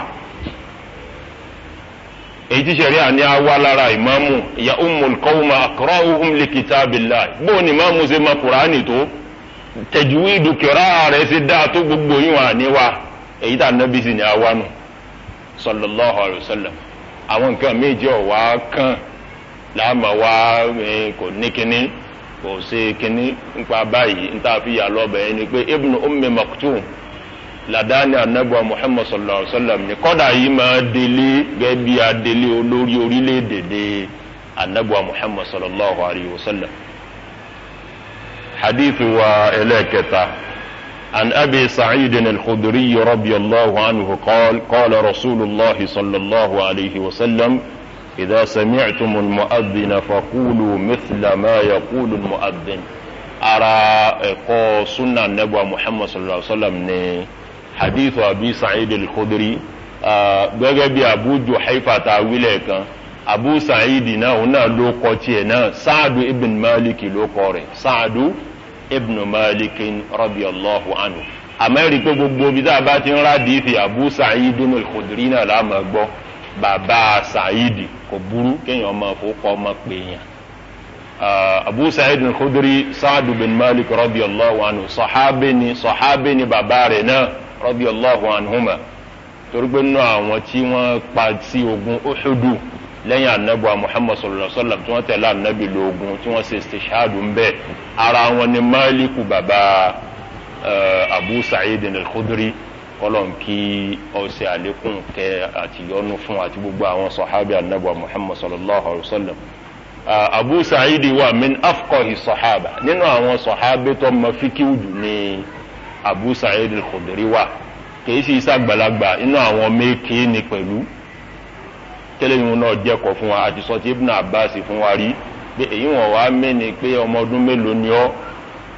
èyí tí sẹ̀ríà ní á wá lára ìmọ̀ọ́mù ya ummul qawma aqra'uhum li kitabillah bó ni ìmọ̀ọ́mù ṣe ma kùránì tó tajwidu kẹrà rẹ̀ ṣe dáa tó gbogbo yìí wà ní wa èyí tá a nọ́bí sì wá nù sallallahu alaihi wasallam àwọn nǹkan méjì ọ̀wá kan láàmà wá kò ní kínní kò ṣe kínní nípa báyìí níta fi yà lọ́bẹ̀ yẹn ni pé ibn ummi maktum ladani anabuwa muhammad sallallahu alaihi wasallam ni kọ́dà yìí máa délé gẹ́gẹ́ bí adélé olórí orílẹ̀-èdè dé anabuwa muhammad sallallahu alaihi wasallam hadith wa ẹlẹ́kẹta. عن أبي سعيد الخدري رضي الله عنه قال قال رسول الله صلى الله عليه وسلم إذا سمعتم المؤذن فقولوا مثل ما يقول المؤذن أرى قول سنة النبوة محمد صلى الله عليه وسلم حديث أبي سعيد الخدري gẹ́gẹ́ bí abu juhaifa ta wílẹ̀ kan abu sa'idi náà òun náà ló kọ tiẹ̀ náà saadu ibn maliki ló saadu ibnu malikin radiyallahu anhu àmẹ́rì pé gbogbo bí tá a bá ti ń rádìísì abu sa'id al-khudri náà la máa gbọ́ bàbá sa'id kò burú kéèyàn máa fọkọ́ ọmọ pèèyàn. Uh, abu sa'id al-khudri sa'ad bin malik radiyallahu anhu sahabi ni sahabi ni bàbá rẹ̀ náà radiyallahu anhuma torí pé nínú àwọn tí wọ́n pa sí ogun uhudu lẹ́yìn anabu muhammad sallallahu alaihi wa sallam tí wọ́n tẹ̀lé anabi lóògùn tí wọ́n ṣe istishhadu ń bẹ̀ ara wọn ni maliku baba eh, abu sa'id al-khudri kọlọ́n kí ọ̀sẹ̀ àlékún kẹ àti yọ́nú fún àti gbogbo àwọn sọ̀hábì anabu muhammad sallallahu alaihi wa sallam ah, abu sa'id wa min afqahi sọ̀hábà nínú àwọn sọ̀hábì tó mọ fíkíw jù ní abu sa'id al-khudri wa kì í sì sàgbàlagbà inú àwọn méèké ni pẹ̀lú kẹlẹ́yìn náà jẹ́kọ̀ fún wa àti sọtí Ibn Abbas fún wa rí pé èyí wọn wá mẹ́ni pé ọmọ ọdún mélòó ni ọ́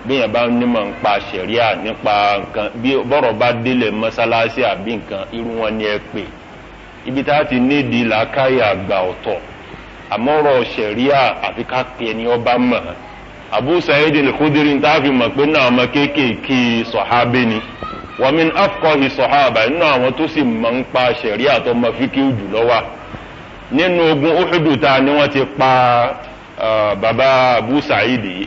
bíyàn bá nímọ̀ ń pa ṣẹ̀ríà nípa nǹkan bí bọ́rọ̀ bá délẹ̀ mọ́sálásí àbí nǹkan irú wọn ni ẹ pè ibi tá a ti nídìí làákàyè àgbà ọ̀tọ̀ àmọ́rọ̀ ṣẹ̀ríà àfi ká pe ẹni ọba mọ̀ Abu Sa'id al-Khudri tá a fi mọ̀ pé náà ọmọ kéékèèké sọ̀hábẹ́ ni wa min afqahi sọ̀hábà nínú àwọn tó sì mọ̀ ń pa tó mọ fíkì jù lọ́wọ́ nínú ogun uhudu ni wọ́n ti pa bàbá abu sa'idi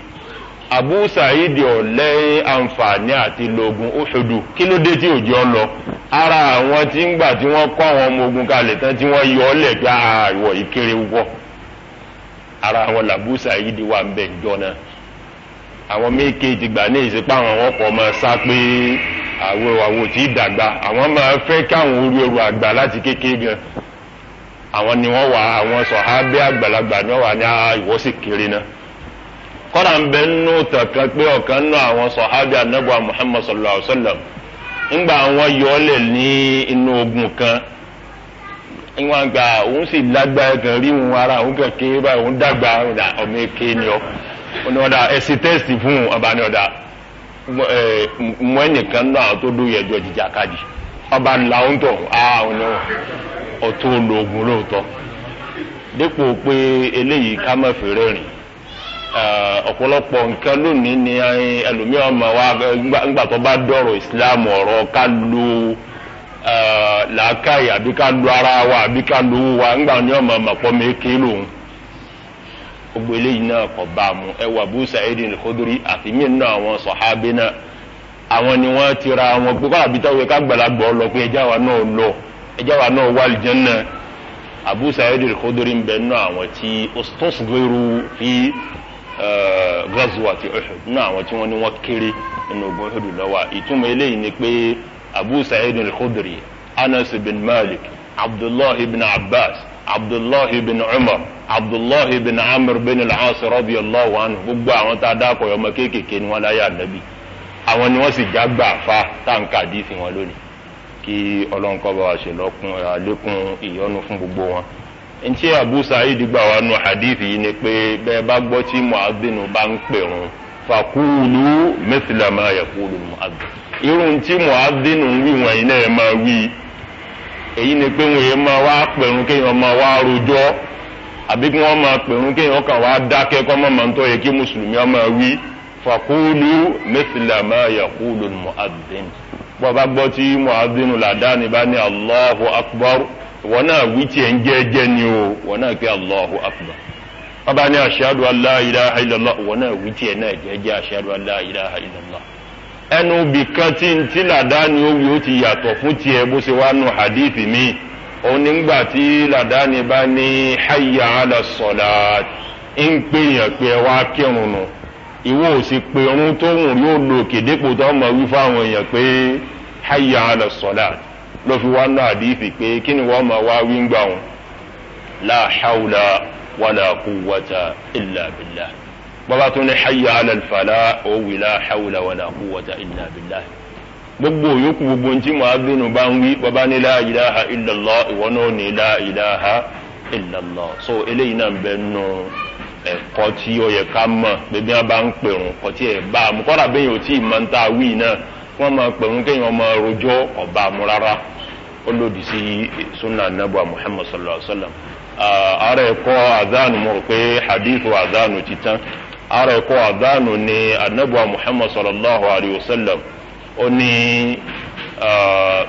abu sa'idi ò lẹ́ àǹfààní àti lógun uhudu kí ló dé tí ò jẹ́ ọ lọ ara àwọn tí ń gbà tí wọ́n kọ́ àwọn ọmọ ogun kalẹ̀ tán tí wọ́n yọ ọ́ pé àwọ̀ ah, ìkéré wọ̀ ara àwọn làbú sa'idi wà ń bẹ̀ jọ náà àwọn méjèèjì gbà ní ìsìnkú àwọn ọkọ̀ máa sá pé àwọn àwò tí ì dàgbà àwọn máa fẹ́ káwọn orú ẹrù àgbà láti kékeré gan àwọn ni wọn wà àwọn sọ̀hábí àgbàlagbà ni wọ́n wà ní ìwọ́ sì kiri náà kọ́ra ń bẹ nínú tẹ̀kan pé ọ̀kan nínú àwọn sọ̀hábí anábọ̀ Muhammad sallallahu alayhi wa sallam ńgbà àwọn ní inú ogun kan òun sì lágbára rí òun ara òun báyìí òun dàgbà ọmọ ni ọ ọ̀nà ọ̀dà ẹ̀sìn tẹ́sì fún ọba ni ọ̀dà ẹnìkan náà tó jìjà ọba ńlá tọ̀ ah, ọ̀tún olóògùn lóòótọ́ dípò pé eléyìí ká má fèrè rìn ọ̀pọ̀lọpọ̀ nǹkan lónìí ni ẹlòmíràn máa ńgbà tó bá dọ̀rọ̀ ìsìláàmù ọ̀rọ̀ ká làákàyè àbí ara wa àbí ká wa ńgbà ọmọ mẹ́kẹ́ lòun gbogbo eléyìí náà bá a mú ẹ wà àti mí nínú àwọn àwọn ni wọ́n ti àwọn gbogbo àbítọ́wé ká gbàlagbọ́ lọ pé ẹjá wa náà lọ. ẹjẹ́ wa náà wà lìjánná Abu Sa'id al-Khudri ń bẹ nínú àwọn tí ostasghiru fi ghazwati Uhud nínú àwọn tí wọ́n ní wọ́n kéré nínú ogun Uhud lọ́wọ́ ìtumọ̀ eléyìí ni pé Abu Sa'id al-Khudri Anas bin Malik Abdullah bin Abbas Abdullah bin umar Abdullah bin amr bin al-as radiyallahu anhu gbogbo àwọn tá a dákọ̀ ọmọ kéékèèké ni wọ́n láyé ànábì àwọn ni wọ́n sì jágbà fa táǹkà díìsì wọn lónìí. kí ọlọ́run kọ́ bá wa ṣe lọ́kùn àlékún ìyọ́nú fún gbogbo wọn. ntí Abu Sa'id gbà wá nu hadith yìí ni pé bẹ́ẹ̀ bá gbọ́ tí mu'adhdhinu bá ń pèrún irun tí ń wí wọ̀nyí náà máa wí èyí ni pé wá pèrún máa wá rojọ́ àbí kí wọ́n máa pèrún wá dákẹ́ kọ́ tọ́ yẹ kí mùsùlùmí máa wí bọ́ba gbọ́ tí muhammadu ladani bá ní allahu akbar wọn náà wí tiẹ̀ ń jẹ́jẹ́ ni o wọn náà pé allahu akbar bọ́ba ní ashadu an la ilaha illallah wọn náà wí tiẹ̀ náà jẹ́jẹ́ ashadu an la ilaha ẹnu bìkan tí ń tí ladani ó wí ó ti yàtọ̀ fún tiẹ̀ bó ṣe wá nu hadithi mi òun tí ladani bá ní hayya ala ń pè yàn pé ẹ kírun nù ìwọ ò sì pé irun tó wùn yóò lo òkè dépò tó ọmọ wí fáwọn èèyàn pé hayya ala salat ló fi wá náà àdìsí pé kí ni wọ́n máa wá wí ń gbà wọn la hawla wala quwwata illa billah bàbá tó ní hayya ala al ó wí la hawla wala quwwata illa billah gbogbo yòókù gbogbo ntí mo adúnú bá ń wí bàbá ní la ilaha illallah ìwọ náà ní la ilaha illallah so eléyìí náà ń nù. No ẹ̀kọ́ tí ó yẹ ká mọ̀ bébí bá ń pèrún kọ́ tí ẹ̀ bá a mú kọ́dà bẹ́ẹ̀ yóò tí ì máa ń ta wí náà wọ́n máa pèrún kéèyàn máa rojọ́ sallallahu wa sallam azanu mo rò pé azanu ti tán ara azanu ni anabuwa sallallahu wa sallam ó ní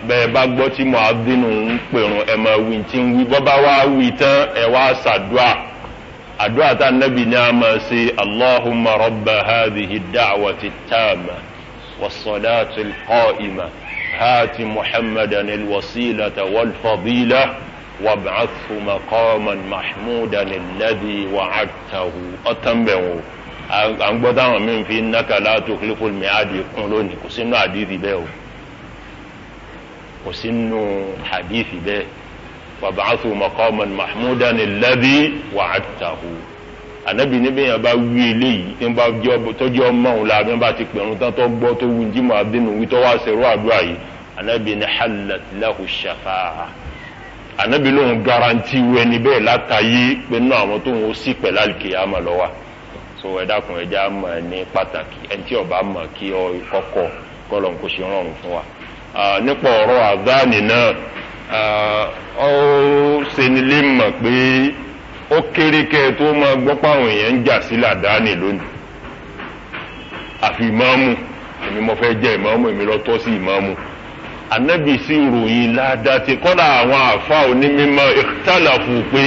bẹ́ẹ̀ bá gbọ́ tí ń ẹ̀ máa wí àdúrà tá nábì ní a máa ṣe allahumma rabba hadhihi da'wati tama was-salati al-qa'ima hati muhammadan al-wasilata wal-fadila wab'athu maqaman mahmudan alladhi wa'adtahu ọ̀tánbẹ̀wò à ń gbọ́ táwọn míì fi innaka la tukhliful mi'adi kún lónìí kò sínú àdìsí bẹ́ẹ̀ o kò sínú àdìsí wàbàtú maqaman mahmudan alladhi wa'adtahu ànábì níbẹ̀ yẹn bá wí eléyìí tí wọ́n bá tọ́jú ọmọ òun la bí wọ́n bá ti pẹ̀rún tán tó gbọ́ tó wù jimá abínú wí tó wá sẹ̀rọ àdúrà yìí ànábì ní halat lahu shafa'a ànábì lóun garanti wẹ níbẹ̀ látàyé pé náà àwọn tó ń sì pẹ̀ lálùkè àmà lọ́wọ́ so ẹ dákun ẹ mọ̀ ní pàtàkì ẹ tí ọba mọ̀ kí ọ kọ́kọ́ kọ́ lọ́n kó ṣe rọrùn fún wa nípa ọ̀rọ̀ àdáni náà ó ṣeni lè mọ̀ pé ó kéré kẹ́ ẹ tó máa gbọ́ páwọn èèyàn ń jà sí làdáni lónìí àfi ìmáàmù èmi mo fẹ́ jẹ́ ìmáàmù èmi lọ tọ́ sí ìmáàmù anabi sì ròyìn ládàá ti kọ́dà àwọn àfa onímọ̀ ikhtalafu pé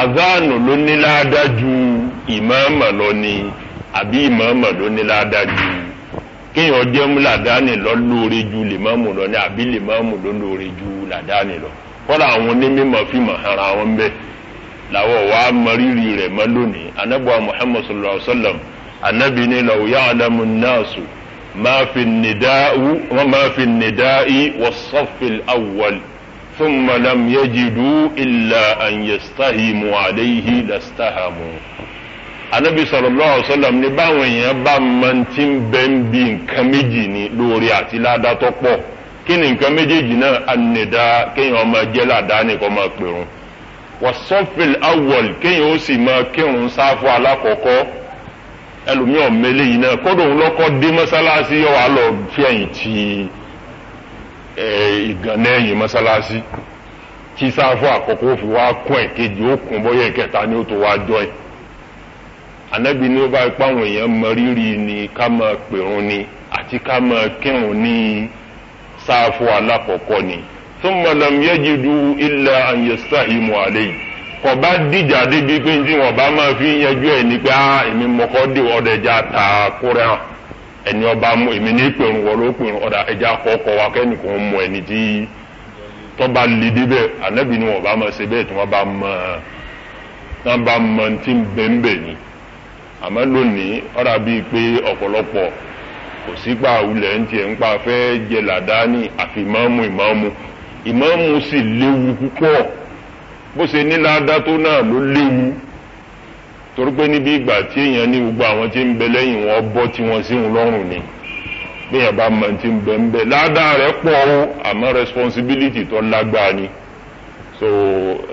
azánù ló ní ládàá ju ìmáàmù lọ ni àbí ìmáàmù ló ní ládàá ju kéèyàn jẹ́ mú làdáni lọ lóore ju lèmọ́mù lọ ní àbí lèmọ́mù lọ lóore ju làdáni lọ kọ́lá àwọn onímọ̀ fi mọ̀ hàn ara wọn bẹ́ẹ̀ làwọn wà á mọ rírì rẹ̀ mọ́ lónìí anábọ̀ muhammad sallallahu alayhi wa sallam anábì ní law ya'lamu an-nasu ma fi an-nida'i wa ma fi an-nida'i was-saff al-awwal lastahamu anabi sallallahu alaihi wasallam ní báwọn èèyàn bá máa ti ń bẹ ń bi nǹkan méjì ní lóore àti ládàtọ pọ̀ kí ni nǹkan méjèèjì náà ànìdá kéèyàn ọmọ jẹ ládàá nìkan máa pèrún wasọfil awọl kéèyàn ó sì máa kírun sáfù alákọ̀ọ́kọ́ ẹlòmíì ọmọlẹ yìí náà kódò ń lọkọ dé mọ́sálásí yọ wà lọ fẹ̀yìn tì ìgànnà ẹ̀yìn mọ́sálásí tí sáfù àkọ́kọ́ fi wá kún ẹ kejì ó kún bóyá ìkẹta ni ó tó wá jọ ẹ. anabi ọba ó bá ipá àwọn èèyàn mọ rírì ni ká máa pèrún ni àti ká máa kírun ní sáfù alákọ̀ọ́kọ́ ni thumma lam yajidu illa an yastahimu alayhi kò bá dìjà débi pé wọn bá máa fi yanjú ẹ ní èmi mọ̀kọ́ dé ọ̀dọ̀ ẹja ta kúrẹ́ hàn ọba mú èmi ní wọ́n ló ọ̀dà ẹja kọ̀ọ̀kọ̀ wa kẹ́nìkan mú ẹni tí tọ́ba lè débẹ̀ ni wọn bá máa ṣe bẹ́ẹ̀ tí wọ́n bá mọ àmọ́ lónìí ọ̀rà bíi pé ọ̀pọ̀lọpọ̀ kò sígbà wulẹ̀ ń tiẹ̀ ń pa fẹ́ jẹ làdáni àfi ìmáàmù ìmáàmù ìmáàmù sì léwu púpọ̀ bó ṣe ní ládàá tó náà ló léwu torí pé níbi ìgbà tí èèyàn ní gbogbo àwọn tí ń bẹ lẹ́yìn wọn bọ́ tí wọ́n sí wọn lọ́rùn ni bí èèyàn bá mọ̀ tí ń bẹ ń bẹ ládàá rẹ̀ pọ̀ o àmọ́ responsibility tó lágbára ni. so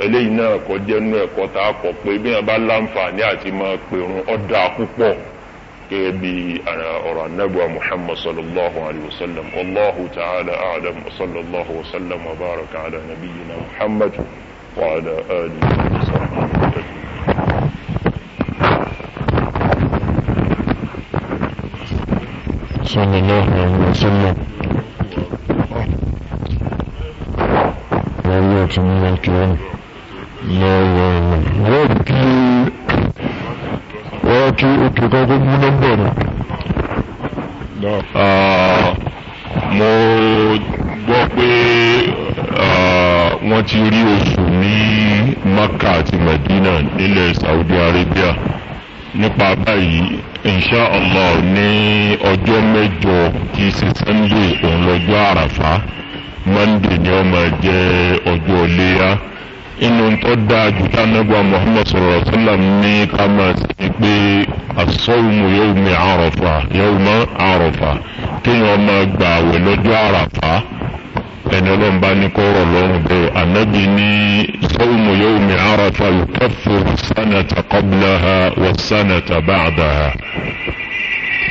eléyìí náà kọ jẹnu ẹkọ tá a kọ pé bí wọn bá láǹfààní àti máa pèrún ọdà púpọ gẹgẹ bí ọrọ anagba muhammad sallallahu alayhi wa sallam allahu ta'ala adam sallallahu wa sallam abaraka ala nabi yina muhammad wa ala ali wa sallam. sallallahu alayhi wa sallam. ọ̀tún ní láti lẹ́nu wọ́n kí wọ́n kí òkè kọ́kọ́ mú nọ́mbà náà. Ah, mo gbọ́ pé ah, wọ́n ti rí oṣù ní Maka àti Medina nílẹ̀ Saudi Arabia nípa báyìí insha Allah ní ọjọ́ mẹ́jọ kì í ṣe Sunday òun lọ́jọ́ àràfá monday ni ó máa jẹ́ ọjọ́ léyà inú tó dáa ju tánàgbà muhammad sallallahu alaihi wasallam ní ká máa sẹ́ni pé asọ́wùmù yawmi àròfà yawma àròfà kéèyàn máa gbà àwẹ̀ lọ́jọ́ àràfà ẹni ọlọ́run bá ní kọ́ rọ̀ lọ́rùn bẹ́ẹ̀ ànábì ní sọ́wọ́mù yóò mi àràfà yóò kẹ́fù sánàtà qablaha wà sánàtà ba'daha.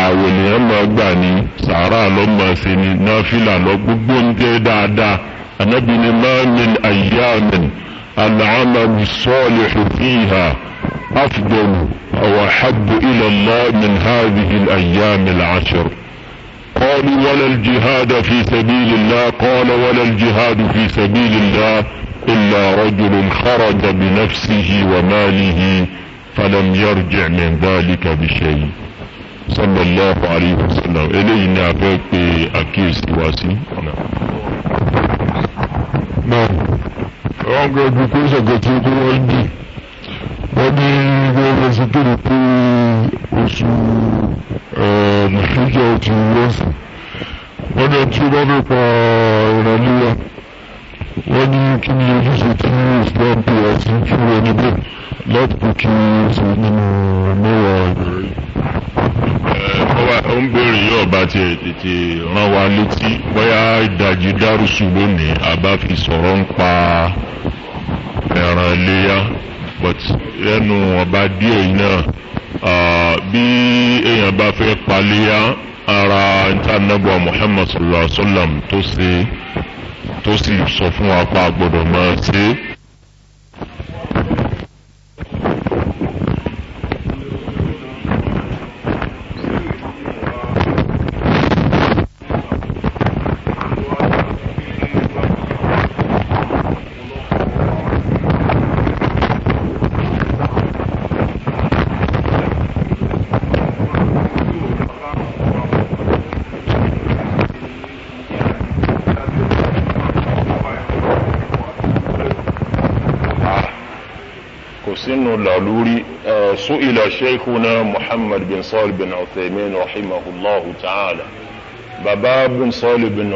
ààwẹ̀ lèyàn máa gbà ní sàárà ló máa ṣe ní náfìlà lọ gbogbo ń jẹ́ dáadáa ànábì ni máa min ayyamin al'amalu salihu fiha afdalu aw ahabbu ila Allah min hadhihi al-ayyam al-ashr قالوا ولا الجهاد في سبيل الله قال ولا الجهاد في سبيل الله إلا رجل خرج بنفسه وماله فلم يرجع من ذلك بشيء sallallahu alaihi wasallam eléyìí ni a fẹ́ pe àkíyèsí wa sí. náà wọ́n gbé ibi kó sọ̀gẹ̀ tí ó kó wọ́n dì wọ́n ní gbogbo sí kéde pé oṣù nàìjíríà ti wọ́n sùn wọ́n dẹ̀ tí ó bá fẹ́ pa ìrànlọ́wọ́ wọ́n ní kí ni ojúṣe tí islam pè ọ́ sí kí wọ́n ní bẹ́ẹ̀ láti kó kí wọ́n ṣe nínú mẹ́wàá ìbẹ̀rẹ̀. ó ń béèrè yóò bá tiẹ̀ tètè rán wa létí bóyá ìdajì dárúsù lónìí a bá fi sọ̀rọ̀ ń pa ẹran iléyà but ẹnu ọba díẹ̀ náà bí èèyàn bá fẹ́ paléyà ara ìtànàbọ̀ muhammad sallallahu alaihi wa sallam tó tó sì sọ fún wa pa gbọ́dọ̀ máa ṣe é. شيخنا محمد بن صالح بن عثيمين رحمه الله تعالى bàbá بن صالح بن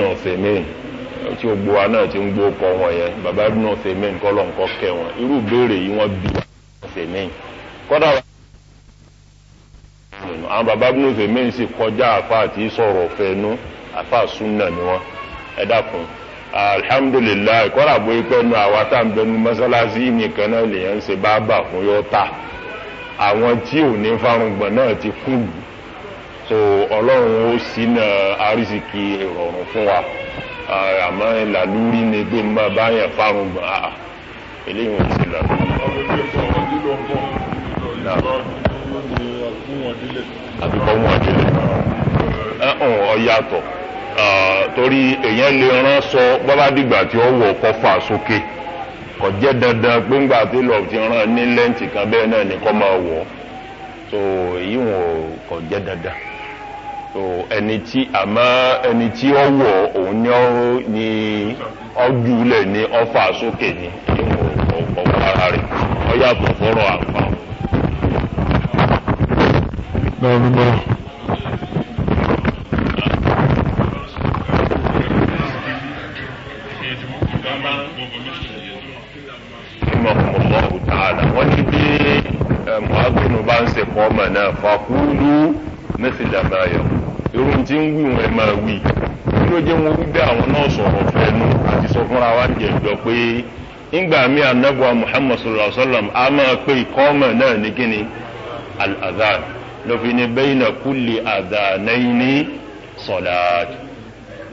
ọ̀fẹ̀mẹ́n tí ó gbọ́ aná tí ń gbọ́ kọ́ wọn yẹn bàbá ibn ọ̀fẹ̀mẹ́n kọ́ ló ń kọ́ kẹ́ wọn irú béèrè yìí wọ́n bí ọ̀fẹ̀mẹ́n kọ́dà àwọn bàbá ibn ọ̀fẹ̀mẹ́n sì kọjá àfa àti sọ̀rọ̀ fẹ́nu àfa súnà ni wọn ẹ dákun alhamdulilayi kọ́dà bóyá pẹ́ẹ́nu àwa tá à ń bẹnu mọ́sálásí nìkan náà lèèyàn ń ṣe bá bà fún yọ́ta àwọn tí ò ní fárùngbọ̀n náà ti kú lù so ọlọ́run ó ṣínà àrísìkì ìrọ̀rùn fún wa àmọ́ ìlàlúrí ni pé má báyẹn fárùngbọ̀n àà eléyìí ò sí làlúrí. àbíkọ́ wọn délẹ̀ ẹ̀hún ọ̀yàtọ̀ torí èèyàn lè rán sọ bọ́bá dìgbà tí ó wọ̀ kọ́ fà sókè. So, kọjẹ jẹ́ dandan pé ńgbà tí lọ́ọ̀ ti rán ní lẹ́ǹtì kan náà máa so èyí wọn kò dandan so ẹni tí ẹni tí ni ó ní ọdúnlẹ̀ ní ọfà sókè ní ọ̀pọ̀ ara ẹ̀kọ́ mà náà fàkúlù mẹ́sìlá máa yọ irú tí ń wí wọn ẹ máa wí kí ló jẹ́ wọn wípé àwọn náà sọ̀rọ̀ fẹ́nu àti sọ fúnra wa ń jẹ̀jọ pé ńgbà mí anábọ̀ Muhammad sallallahu alayhi wa sallam a máa pé ìkọ́mà náà ní kíni al-adhan lọ́fi ni bayna kulli adhanayni salat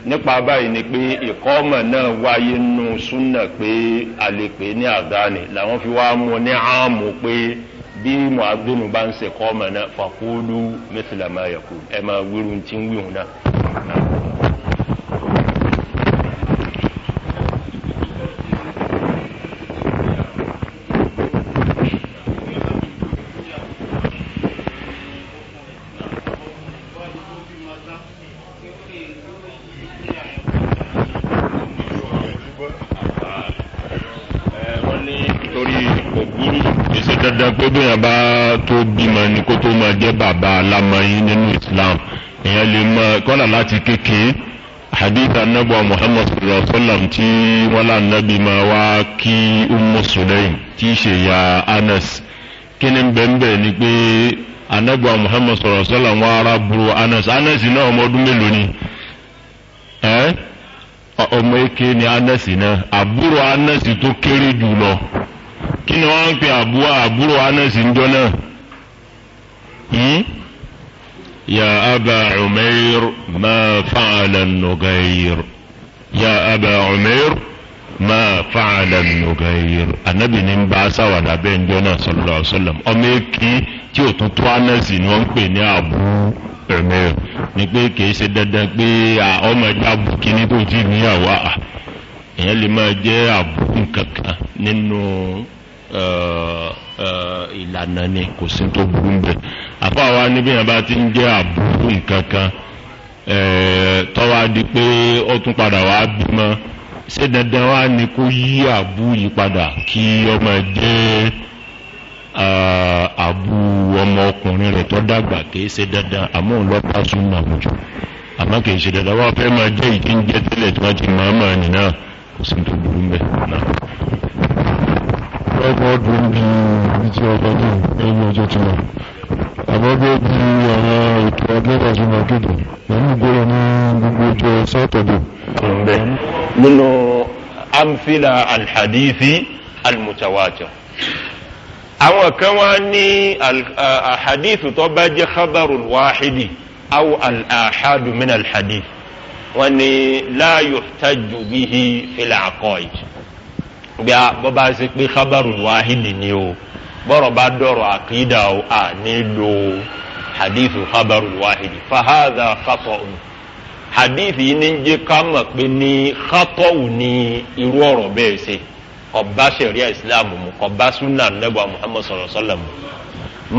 nípa báyìí ni pé ìkọ́mọ̀ náà wáyé nù súnà pé a ní àdáni làwọn fi wá mú ní àmú pé bí mu'adhdhin bá ń ṣe kọ́ ọmọ náà faqulu mithla ma yaqulu máa wíru ti ń wíhun náà. àlàmọ̀yìn nínú islam èèyàn lè mọ kọ́là láti kékeré hadith anabuwa muhammad sallallahu alaihi wa sallam tí wọ́n lá nàbí máa wá kí umu sulaim tí ṣe ya anas kí ni bẹ́ẹ̀ ni pé anabuwa muhammad sallallahu alaihi wa sallam wọ́n ara buru anas anas náà ọmọ ọdún mélòó ni ẹ́ ọmọ eke ni anas náà àbúrò anas tó kéré jù lọ kí ni wọ́n àbúrò anas ń náà. Hmm? يا أبا عمير ما فعل النغير يا أبا عمير ما فعل النغير النبي نبع سوى نبين جونا صلى الله عليه وسلم أميكي tí ò tún tó anẹ́sì ni wọ́n ń pè ní àbú ẹ̀mẹ́ ni pé kìí ṣe dandan pé ọmọ ẹgbẹ́ àbú kíní tó jí níyàwó àà èèyàn lè máa jẹ́ àbú nǹkan kan nínú Eh, eh, ìlànà ni kò sí tó burú bẹ̀ àfáwa níbi yẹn bá ti ń jẹ́ àbúrò nǹkan kan eh, tọ́wá di pé ó tún padà wá bímọ ṣé dandan wá ni kó yí àbú yìí padà kí ọmọ jẹ́ àbú ọmọ ọkùnrin rẹ̀ tó dàgbà kì í ṣe dandan àmọ́ òun lọ́ọ́ bá sún je mọ́jú àmọ́ kì í nì náà kò sí tó burú ẹgbẹ́ ọdún bí i ti ọjọ́ náà lẹ́yìn ọjọ́ ti lọ àbọ̀gbẹ́ bí àwọn ètò agbẹ́gbà sí màkéde pẹ̀lú ìgbéra ní gbogbo ọjọ́ sátọ̀dẹ̀. ǹbẹ́ nínú amfila alhadithi almutawatir àwọn kan wá ní alhadithu tó bá jẹ́ khabarul wahidi aw alahadu min alhadith wọ́n ní la yuhtaju bihi fil aqaid bí a bọ́ bá ṣe pé khabarul wahidi ni o bọ́rọ̀ bá dọ̀rọ̀ àkídà o à nílò hadithu khabarul wahidi fahadha khata'un hadithi yìí ní jẹ́ ká mọ̀ pé ní khata'u ní irú ọ̀rọ̀ bẹ́ẹ̀ ṣe ọba sẹ̀ríà islam mu ọba sunna nebà muhammad sallallahu alaihi wasallam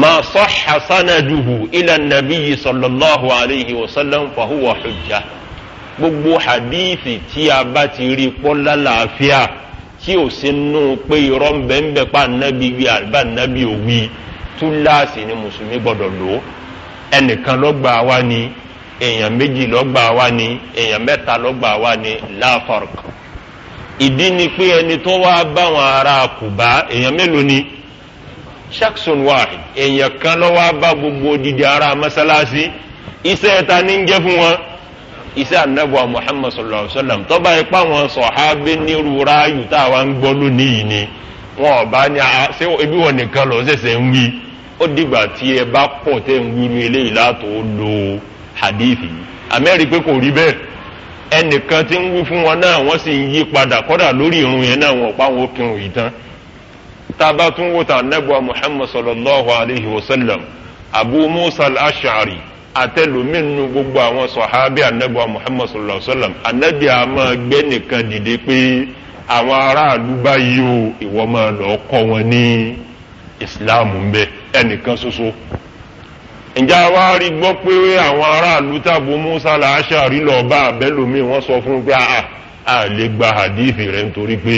ma sahha sanaduhu ila nabiyyi sallallahu alaihi wasallam fahuwa hujja gbogbo hadithi tí a bá ti rí pọ́ńlá làáfíà. La tí ò sí nú pé irọ́ ńbẹ́ńbẹ́ pa nábì wí àbá nábì òwì túláàsì ni mùsùlùmí gbọ́dọ̀ lò ó ẹnìkan lọ́gbà wa ni èèyàn méjì lọ́gbà wa ni èèyàn mẹ́ta lọ́gbà wa ni láfọ̀rk ìdí ni pé ẹni tó wá báwọn ará kùbá èèyàn mélòó ni shaksun wahid èèyàn kan lọ́wọ́ bá gbogbo odidi ará mọ́sálásí iṣẹ́ ta ni ń jẹ́ fún wọn iṣẹ́ anabuwa muhammad sallallahu alaihi wa sallam tọ́ba ipá wọn sọ̀hábí nírú ráàyù tá a wá ń gbọ́ lónìí yìí ni wọn ò bá ní ah, ṣé ibi wọn nìkan lọ ṣẹ̀ṣẹ̀ ń wí ó dìgbà tí ẹ bá pọ̀ tẹ́ ń wíru eléyìí látò ó lo hadithi àmẹ́rì pé kò rí bẹ́ẹ̀ ẹnìkan tí ń wí fún wọn náà wọ́n sì ń yí padà kọ́dà lórí irun yẹn náà wọn pa wọn kírun yìí tán tába tún wò anabuwa muhammad sallallahu alaihi wa sallam abu musa al-ashari àtẹlùmínú gbogbo àwọn sọ̀hábí anábọ̀ muhammad sallallahu alayhi wa sallam anábì a máa gbé nìkan dìde pé àwọn aráàlú báyìí o ìwọ máa lọ kọ́ wọn ní ìsìláàmù bẹ ẹnìkan ṣoṣo ǹjẹ́ àwa rí gbọ́ pé àwọn aráàlú tàbí musa làásàrí lọ bá abẹ́lómi wọ́n sọ fún pé a a lè gba hadith rẹ̀ nítorí pé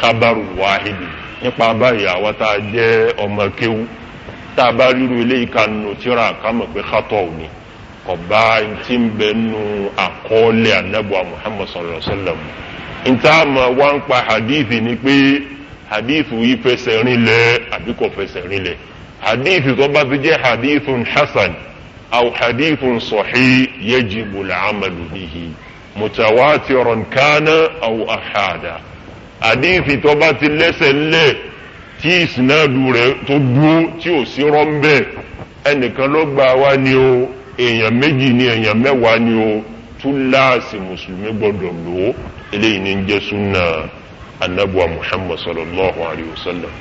kábàrù wáhìdì nípa báyìí àwa tá a jẹ́ ọmọ kéwú tá a bá ríru eléyìí ká nù tíra ká mọ̀ pé xatọ́ ò ní ọba ntí ń bẹ nù àkọọ́lẹ̀ anabuwa muhammad sallallahu alayhi wa sallam ntá ma wá ń pa hadith ni pé hadith yìí fẹsẹ̀ rinlẹ̀ àbí kò fẹsẹ̀ rinlẹ̀ hadith tó bá ti jẹ́ hadith hasan aw hadith sahih yajibu al-amalu bihi mutawatiran kana aw ahada hadith tó bá ti lẹ́sẹ̀ lẹ́ẹ̀ tí ìsìnàdù rẹ̀ tó dúró tí ò sí rọ́ńbẹ́ ẹnìkan ló gbà wá ni o èèyàn méjì ni èèyàn mẹ́wàá ni o túláàsì mùsùlùmí gbọ́dọ̀ lò ó eléyìí ní jẹ́ súnà anabuwa muhammad sallallahu alayhi wa sallam.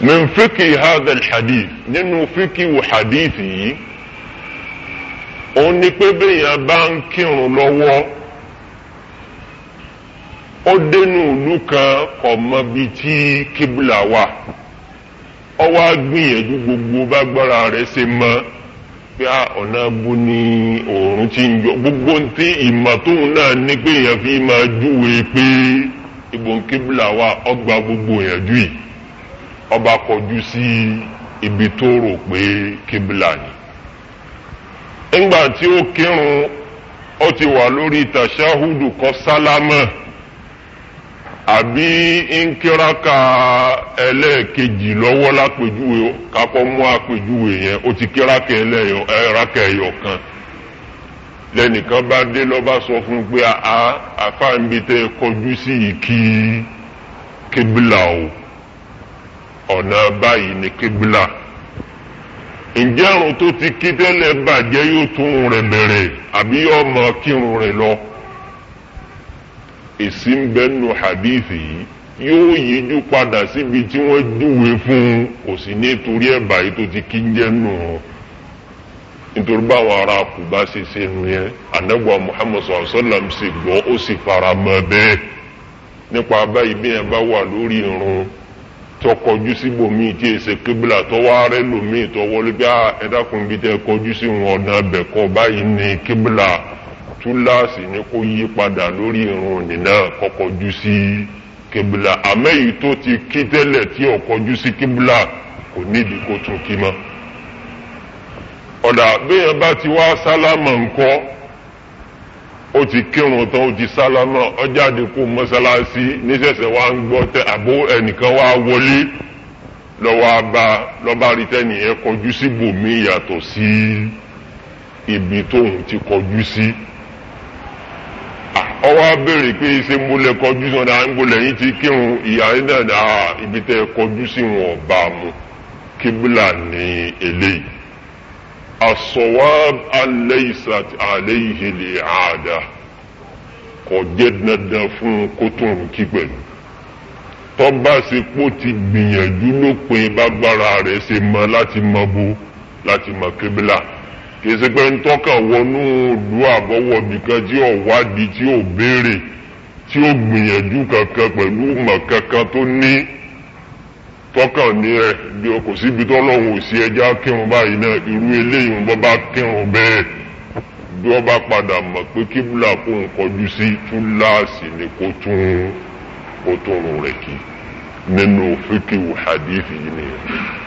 min fíkì hadha alhadith nínú fíkì wò hadith yìí òun ni pé bẹ́ẹ̀ yẹn bá ń kírun lọ́wọ́. ó dénú ìlú kan kò bíi tí kíbla wà ọ wá gbìyànjú gbogbo bágbára rẹ̀ ṣe mọ́ pé a ah, ọ̀nà bu ni òòrùn ti ń yọ gbogbo ti ìmọ̀ tóun náà ní pé èèyàn fi máa júwe pé ìbọn kíbla wà ọgbà gbogbo ìyànjú yìí ọba kọjú sí ibi tó rò pé ni nígbà tí ó kírun ó ti wà lórí tàṣáhùdù kọ sálámà. àbí nkíraka ẹlẹ́ẹ̀kejì lọ́wọ́ lápèjúwe kakọ́ mú àpèjúwe yẹn ó ti kíraka ẹlẹ́yọ ẹ̀raka ẹ̀yọ kan lẹ́nìkan bá dé lọ́ba sọ fún pé a àfáàǹbi tẹ́ kọjú sí ìkí kébìlà o ọ̀nà báyìí ni kébìlà ǹjẹ́ àrùn tó ti kí tẹ́lẹ̀ bàjẹ́ yóò tún rẹ̀ bẹ̀rẹ̀ àbí yóò mọ kírun rẹ̀ lọ èsì ń bẹ́ẹ̀ nù hadithi yìí yóò yíjú padà síbi tí wọ́n júwe fún un kò sí nítorí ẹ̀bà yìí tó ti kí ń jẹ́ nù ọ́ nítorí báwọn ará kù bá ṣe ṣe nu yẹn anagba muhammed sallallahu alayhi wa sallam sì gbọ́ ó sì fara mọ́ bẹ́ẹ̀ nípa báyìí bí yẹn bá wà lórí irun tó kọjú síbòmíì tí èsè kébìlà tó wá rẹ́ lòmíì tó wọlé bí ah, ẹ dákun bí tẹ kọjú sí wọn ọ̀nà abẹ́kọ̀ báyìí ní kébìlà túláàsì ni kó yí padà lórí irun nìna kọkọjú sí kébìlà àmẹ́yìí tó ti kí tẹ́lẹ̀ tí ò kọjú sí kébìlà kò nídìí kó tún kí mọ́ ọ̀dà béèyàn bá ti wá sálámà ńkọ́ ó ti kírun tán ó ti sálámà ọjáde kó mọ́sálásí níṣẹ̀ṣẹ̀ wá ń gbọ́ tẹ àbó ẹnìkan wá wọlé lọ́wọ́ abá lọ́ba rí tẹ́nìyẹn kọjú sí bòmí yàtọ̀ sí ibi tóun ti kọjú sí. Si ọwọ́ abèrè pé ṣe ń bolẹ̀ kọjú sí ọ̀dà ń bolẹ̀ yín ti kírun ìyá ìdàdà ah, ibi tẹ́ kọjú sí wọn ọba mu kíbùlà ní eléyìí àsọwọ́ alaysat alayhi al-i'ada kò jẹ́ dandan fún kótó kí tọ́ba ṣe pò ti gbìyànjú lópin bágbára rẹ̀ ṣe mọ láti mọ bo láti mọ kíbùlà kìí ṣe pé ntọ́ka wọnú òlu àbọ̀wọ̀ nìkan tí ò wádìí tí ò béèrè tí ò gbìyànjú kankan pẹ̀lú ìmọ̀ kankan tó ní tọ́ka ní ẹ bí o kò síbi tó lọ́hùn òsì ẹja kírun báyìí náà irú eléyìí ń bọ́ bá kírun bẹ́ẹ̀ bí wọ́n bá padà mọ̀ pé kíbùlà kò ń kọjú sí túláàsì ni kó tún kó tún rẹ̀ kí nínú fíkìwù hadithi yìí nìyẹn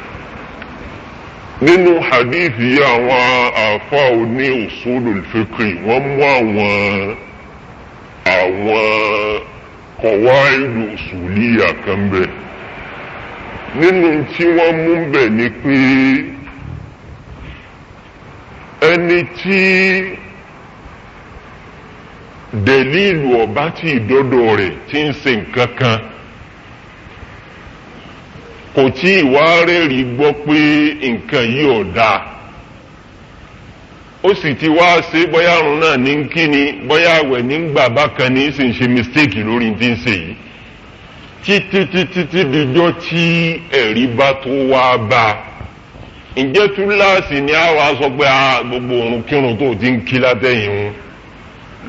nínú hadithi àwọn àfa òní usulul fiqh wọ́n mú àwọn àwọn kọ̀wáìlù usuliya kan bẹ̀ nínú tí wọ́n mú bẹ̀ ni pé ẹni tí dẹ̀lílù ọ̀bá tí ìdọ́dọ̀ rẹ̀ ti ń ṣe nǹkan kan. kan kò tí ì wá rẹ́rìí gbọ́ pé nǹkan yìí ò dáa ó sì ti wá ṣe bóyá àrùn náà ní kíni bóyá àwẹ̀ nígbà bákan ní sì ń ṣe mistake lórí ti ń ṣe yìí títí títí tí dijọ́ tí ẹ̀rí bá tó wá bá a ǹjẹ́ túláàsì ni a wàá sọ pé a gbogbo òrùn kírun tó ti ń kí látẹ̀yìn un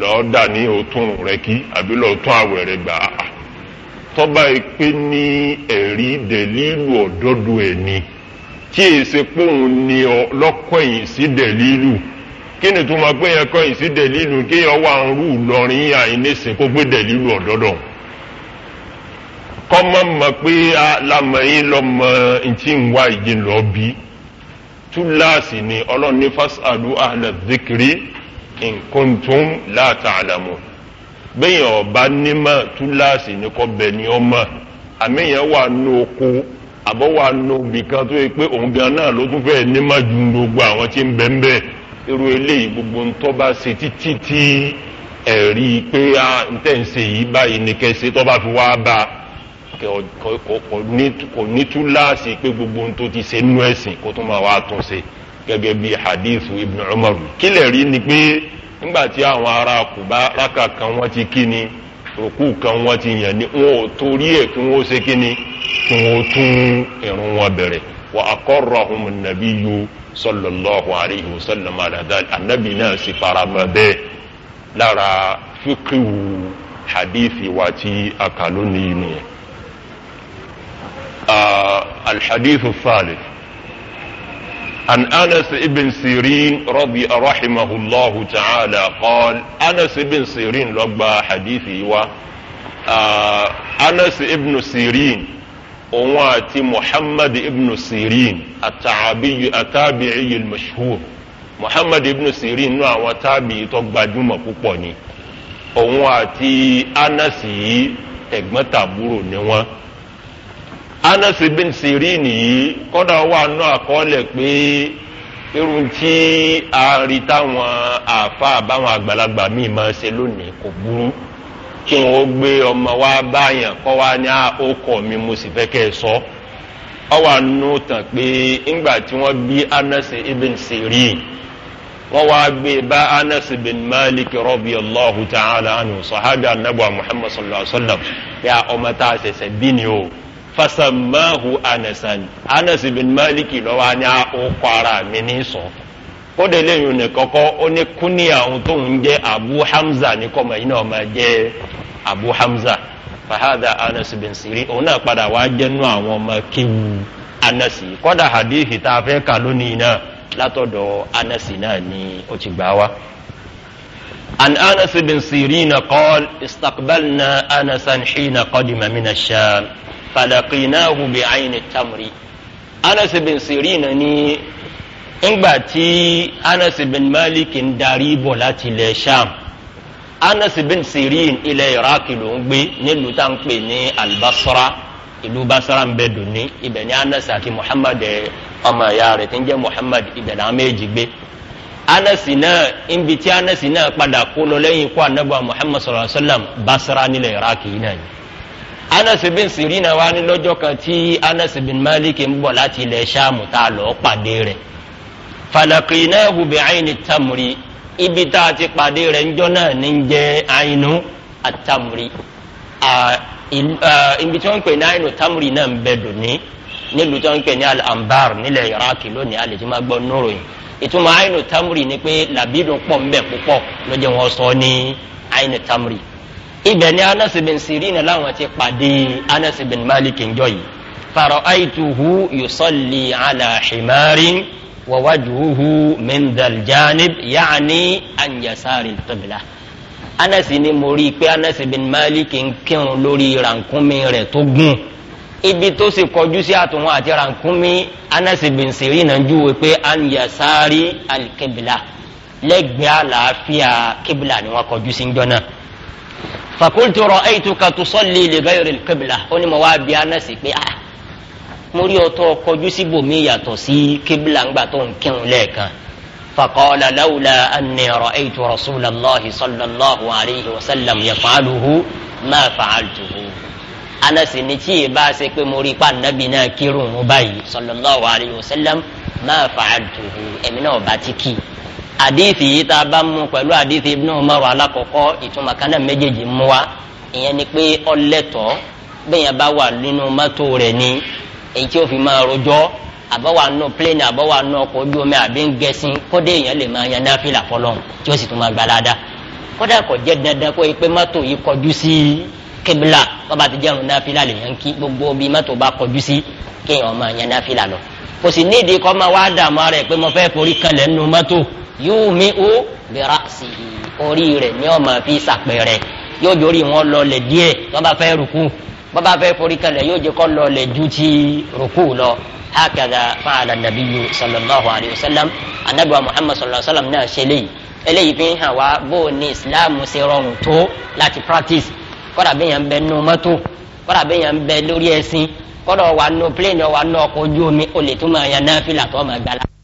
lọ́ọ́ dà ní òtún rẹ̀ kí àbí lọ́ọ́ tún àwẹ̀ rẹ̀ gbà á tọ́ba ìpè ní ẹ̀rí dẹ̀lílù ọ̀dọ́dọ̀ ẹ̀ ni kí èsè pòun ni lọ́kọ̀yìn sí dẹ̀lílù kí ni tó máa pé yẹn kọ́yìn sí dẹ̀lílù kí yẹn wà ń rú lọ́rin àìníṣe kó gbé dẹ̀lílù ọ̀dọ́dọ̀ kọ́mọ́ mọ̀ pé alámọ̀yìn lọ́mọ ntí ń wá ìjìnlọ́ bí túláàsì ni ọlọ́ni fásitì àdúrà àlẹ́ zikiri nǹkan tó ń láta àlàmọ́ bẹ́yìn ọba nímọ̀ túláàsì ní kọ́ bẹ̀ ni ọmọ àmìyàn wà nù oko àbọ̀ wà nù bìkan tó yẹ pé òun gan náà ló tún fẹ́ nímọ̀ ju gbogbo àwọn tí ń bẹ̀ ń bẹ̀ irú eléyìí gbogbo ńtọ́ bá ṣe títí tí ẹ̀rí pé à ń tẹ̀ ń ṣe yìí báyìí ni kẹsẹ̀ tó bá fi wá bá kò ní túláàsì pé gbogbo ń tó ti ṣe nú ẹ̀sìn kó tó máa wá tún ṣe gẹ́gẹ́ bí hadith ibn Umar kílẹ̀ rí ni pé nígbàtí àwọn ará Kùbá rákà kan wọ́n ti kí ni rùkú kan wọ́n ti yàn ní wọn ò torí ẹ̀ kí wọ́n ṣe kí ni kí wọ́n tún ìrun wọn bẹ̀rẹ̀ wa aqarrahum an sallallahu alayhi wa sallam ala dhalik ànábì náà sì faramọ́ bẹ́ẹ̀ lára fíkìwù hadithi wa ti akàlónì nìyẹn. alhadithu thalith. عن انس بن سيرين رضي رحمه الله تعالى قال انس بن سيرين لقب حديثي و آه انس بن سيرين وماتي محمد بن سيرين التعابي التابعي المشهور محمد بن سيرين نوع وتابعي تقبى جمع púpọ̀ ni òun àti anasi yìí Anas bin Sirin yìí kọ́dà wà nù àkọọ́lẹ̀ pé irun tí a rí táwọn àfa àbáwọn àgbàlagbà míì máa ṣe lónìí kò burú kí wọn gbé ọmọ wa báyàn kọ́ wa ní àkókò ah, mi mo sì fẹ́ kẹ́ ẹ sọ ọ wà nù tàn pé ńgbà tí wọ́n bí Anas bin Sirin wọ́n wá gbé bá bin malik radiyallahu ta'ala anabu muhammad sallallahu alaihi ya ọmọ tá a fasamahu anasan anas bin maliki lọ wa ni a ah, ó kọ ara mi ní sọ kódé lẹ́yìn ní kọ́kọ́ ó ní kúnìyà ohun tó ń jẹ́ abu hamza ní kọ́mọ yìí náà máa jẹ́ abu hamza fahadà anas bin siri òun náà padà wá jẹ́nu àwọn ọmọ kéwu anas kódà hadithi tá a fẹ́ kà lónìí náà látọ̀dọ̀ anas náà ni ó ti gbà wá. عن أنس بن سيرين قال استقبلنا أنسا حين قدم من الشام falaqinahu bi ayni tamri anas bin sirina ní ńgbà tí anas bin malik ń darí bọ̀ láti ilẹ̀ sham anas bin sirin ilẹ̀ iraq ló ń gbé nílùú tá à ń pè ní albasra ìlú basra ń bẹ dùn ní ibẹ̀ ní anas àti muhammad ọmọ ìyá rẹ̀ tí ń jẹ́ muhammad ibẹ̀ náà méjì gbé anasi náà ibi tí anasi náà padà kó lọ lẹ́yìn ikú anabu muhammad sallallahu alaihi wa sallam basra nílẹ̀ iraq yìí ni anas bin sirina wa ni lọ́jọ́ kan tí anas bin malik ń bọ̀ láti ilẹ̀ ṣáàmù tá a lọ pàdé rẹ̀ falakinahu bi aini tamri ibi tá a ti pàdé rẹ̀ ńjọ́ náà ní ń jẹ́ ainu atamri ibi tí wọ́n ń pè ní ainu tamri náà ń bẹ dòní nílùú tí wọ́n ń pè ní al-anbar nílẹ̀ iraki lónìí alẹ́ tí wọ́n gbọ́ níròyìn ìtumọ̀ ainu tamri ni pé làbídùn pọ̀ ń bẹ púpọ̀ ló jẹ́ wọ́n ibẹ̀ ni anas bin sirina láwọn ti pàdé anas bin malik njọ yìí faro aituhu yusalli ala himarin wawajuhu mindal janib yaani anyasari tobila anas ni mo rí i pé anas bin malik ń kírun lórí rankunmi rẹ̀ tó gùn ibi tó sì kọjú sí àtúnwò àti rankunmi anas sirina júwe pé anyasari alikibila lẹ́gbẹ̀ẹ́ àlàáfíà kibila ni wọn kọjú sí njọ náà fakultu ra'aytuka tusalli li ghayri al-qibla ó ní mo wá bí anasi pé ah mo rí ọtọ kọjú sí bòmí yàtọ̀ sí kébìlà ńgbà tó ń kírun lẹ́ẹ̀kan faqala lawla anni ra'aytu rasulallahi sallallahu alayhi wa sallam yaf'aluhu ma fa'altuhu anasi ni tí yìí bá ṣe pé pa nàbì náà kírun báyìí sallallahu alayhi wa sallam ma fa'altuhu èmi náà bá ti kí àdìsí yìí tá a bá mú pẹ̀lú àdìsí ibn Umar alákọ̀ọ́kọ́ ìtumọ̀ kánà méjèèjì mú wa ìyẹn ni pé ọlẹ́tọ̀ bẹ́yẹn bá wà nínú mọ́tò rẹ̀ ni èyí tí ó fi máa rojọ́ àbáwá nù plẹ́nì àbáwá nù ọkọ̀ ojú omi àbí ń gẹṣin kódé èèyàn lè máa yan náfìlà fọlọ́n tí ó sì tún máa gba ládà kódà kò jẹ́ dandan kó pé mọ́tò yìí kọjú sí kébìlà bàbá ti jẹ́rùn náfìlà lè yan kí gbogbo bí mọ́tò bá kọjú sí kéèyàn máa yan náfìlà lọ kò sì nídìí kọ́ máa wá dààmú ara ẹ̀ pé mo fẹ́ forí kanlẹ̀ nù mọ́tò yóò mi ó bẹ̀rẹ̀ sí orí rẹ̀ ní ọmọ fi sàpẹ̀rẹ̀ yóò jórí wọn lọlẹ̀ díẹ̀ bàbá fẹ́ rùkú bàbá fẹ́ forí kalẹ̀ yóò jẹ́ kọ́ lọlẹ̀ ju ti rùkú lọ hakada fàlà nàbíyù sallallahu alayhi wa sallam anabiwa muhammad sallallahu alayhi wa sallam náà ṣe léyìí eléyìí fi hàn wá bó o ní islam ṣe rọrùn tó láti practice kọ́dà bí yẹn ń bẹ nù mọ́tò kọ́dà bí yẹn ń bẹ lórí ẹṣin kọ́dà wà nù plane wà nù ọkọ̀ ojú omi olè tó máa yan náà fìlà tó máa gbà láti.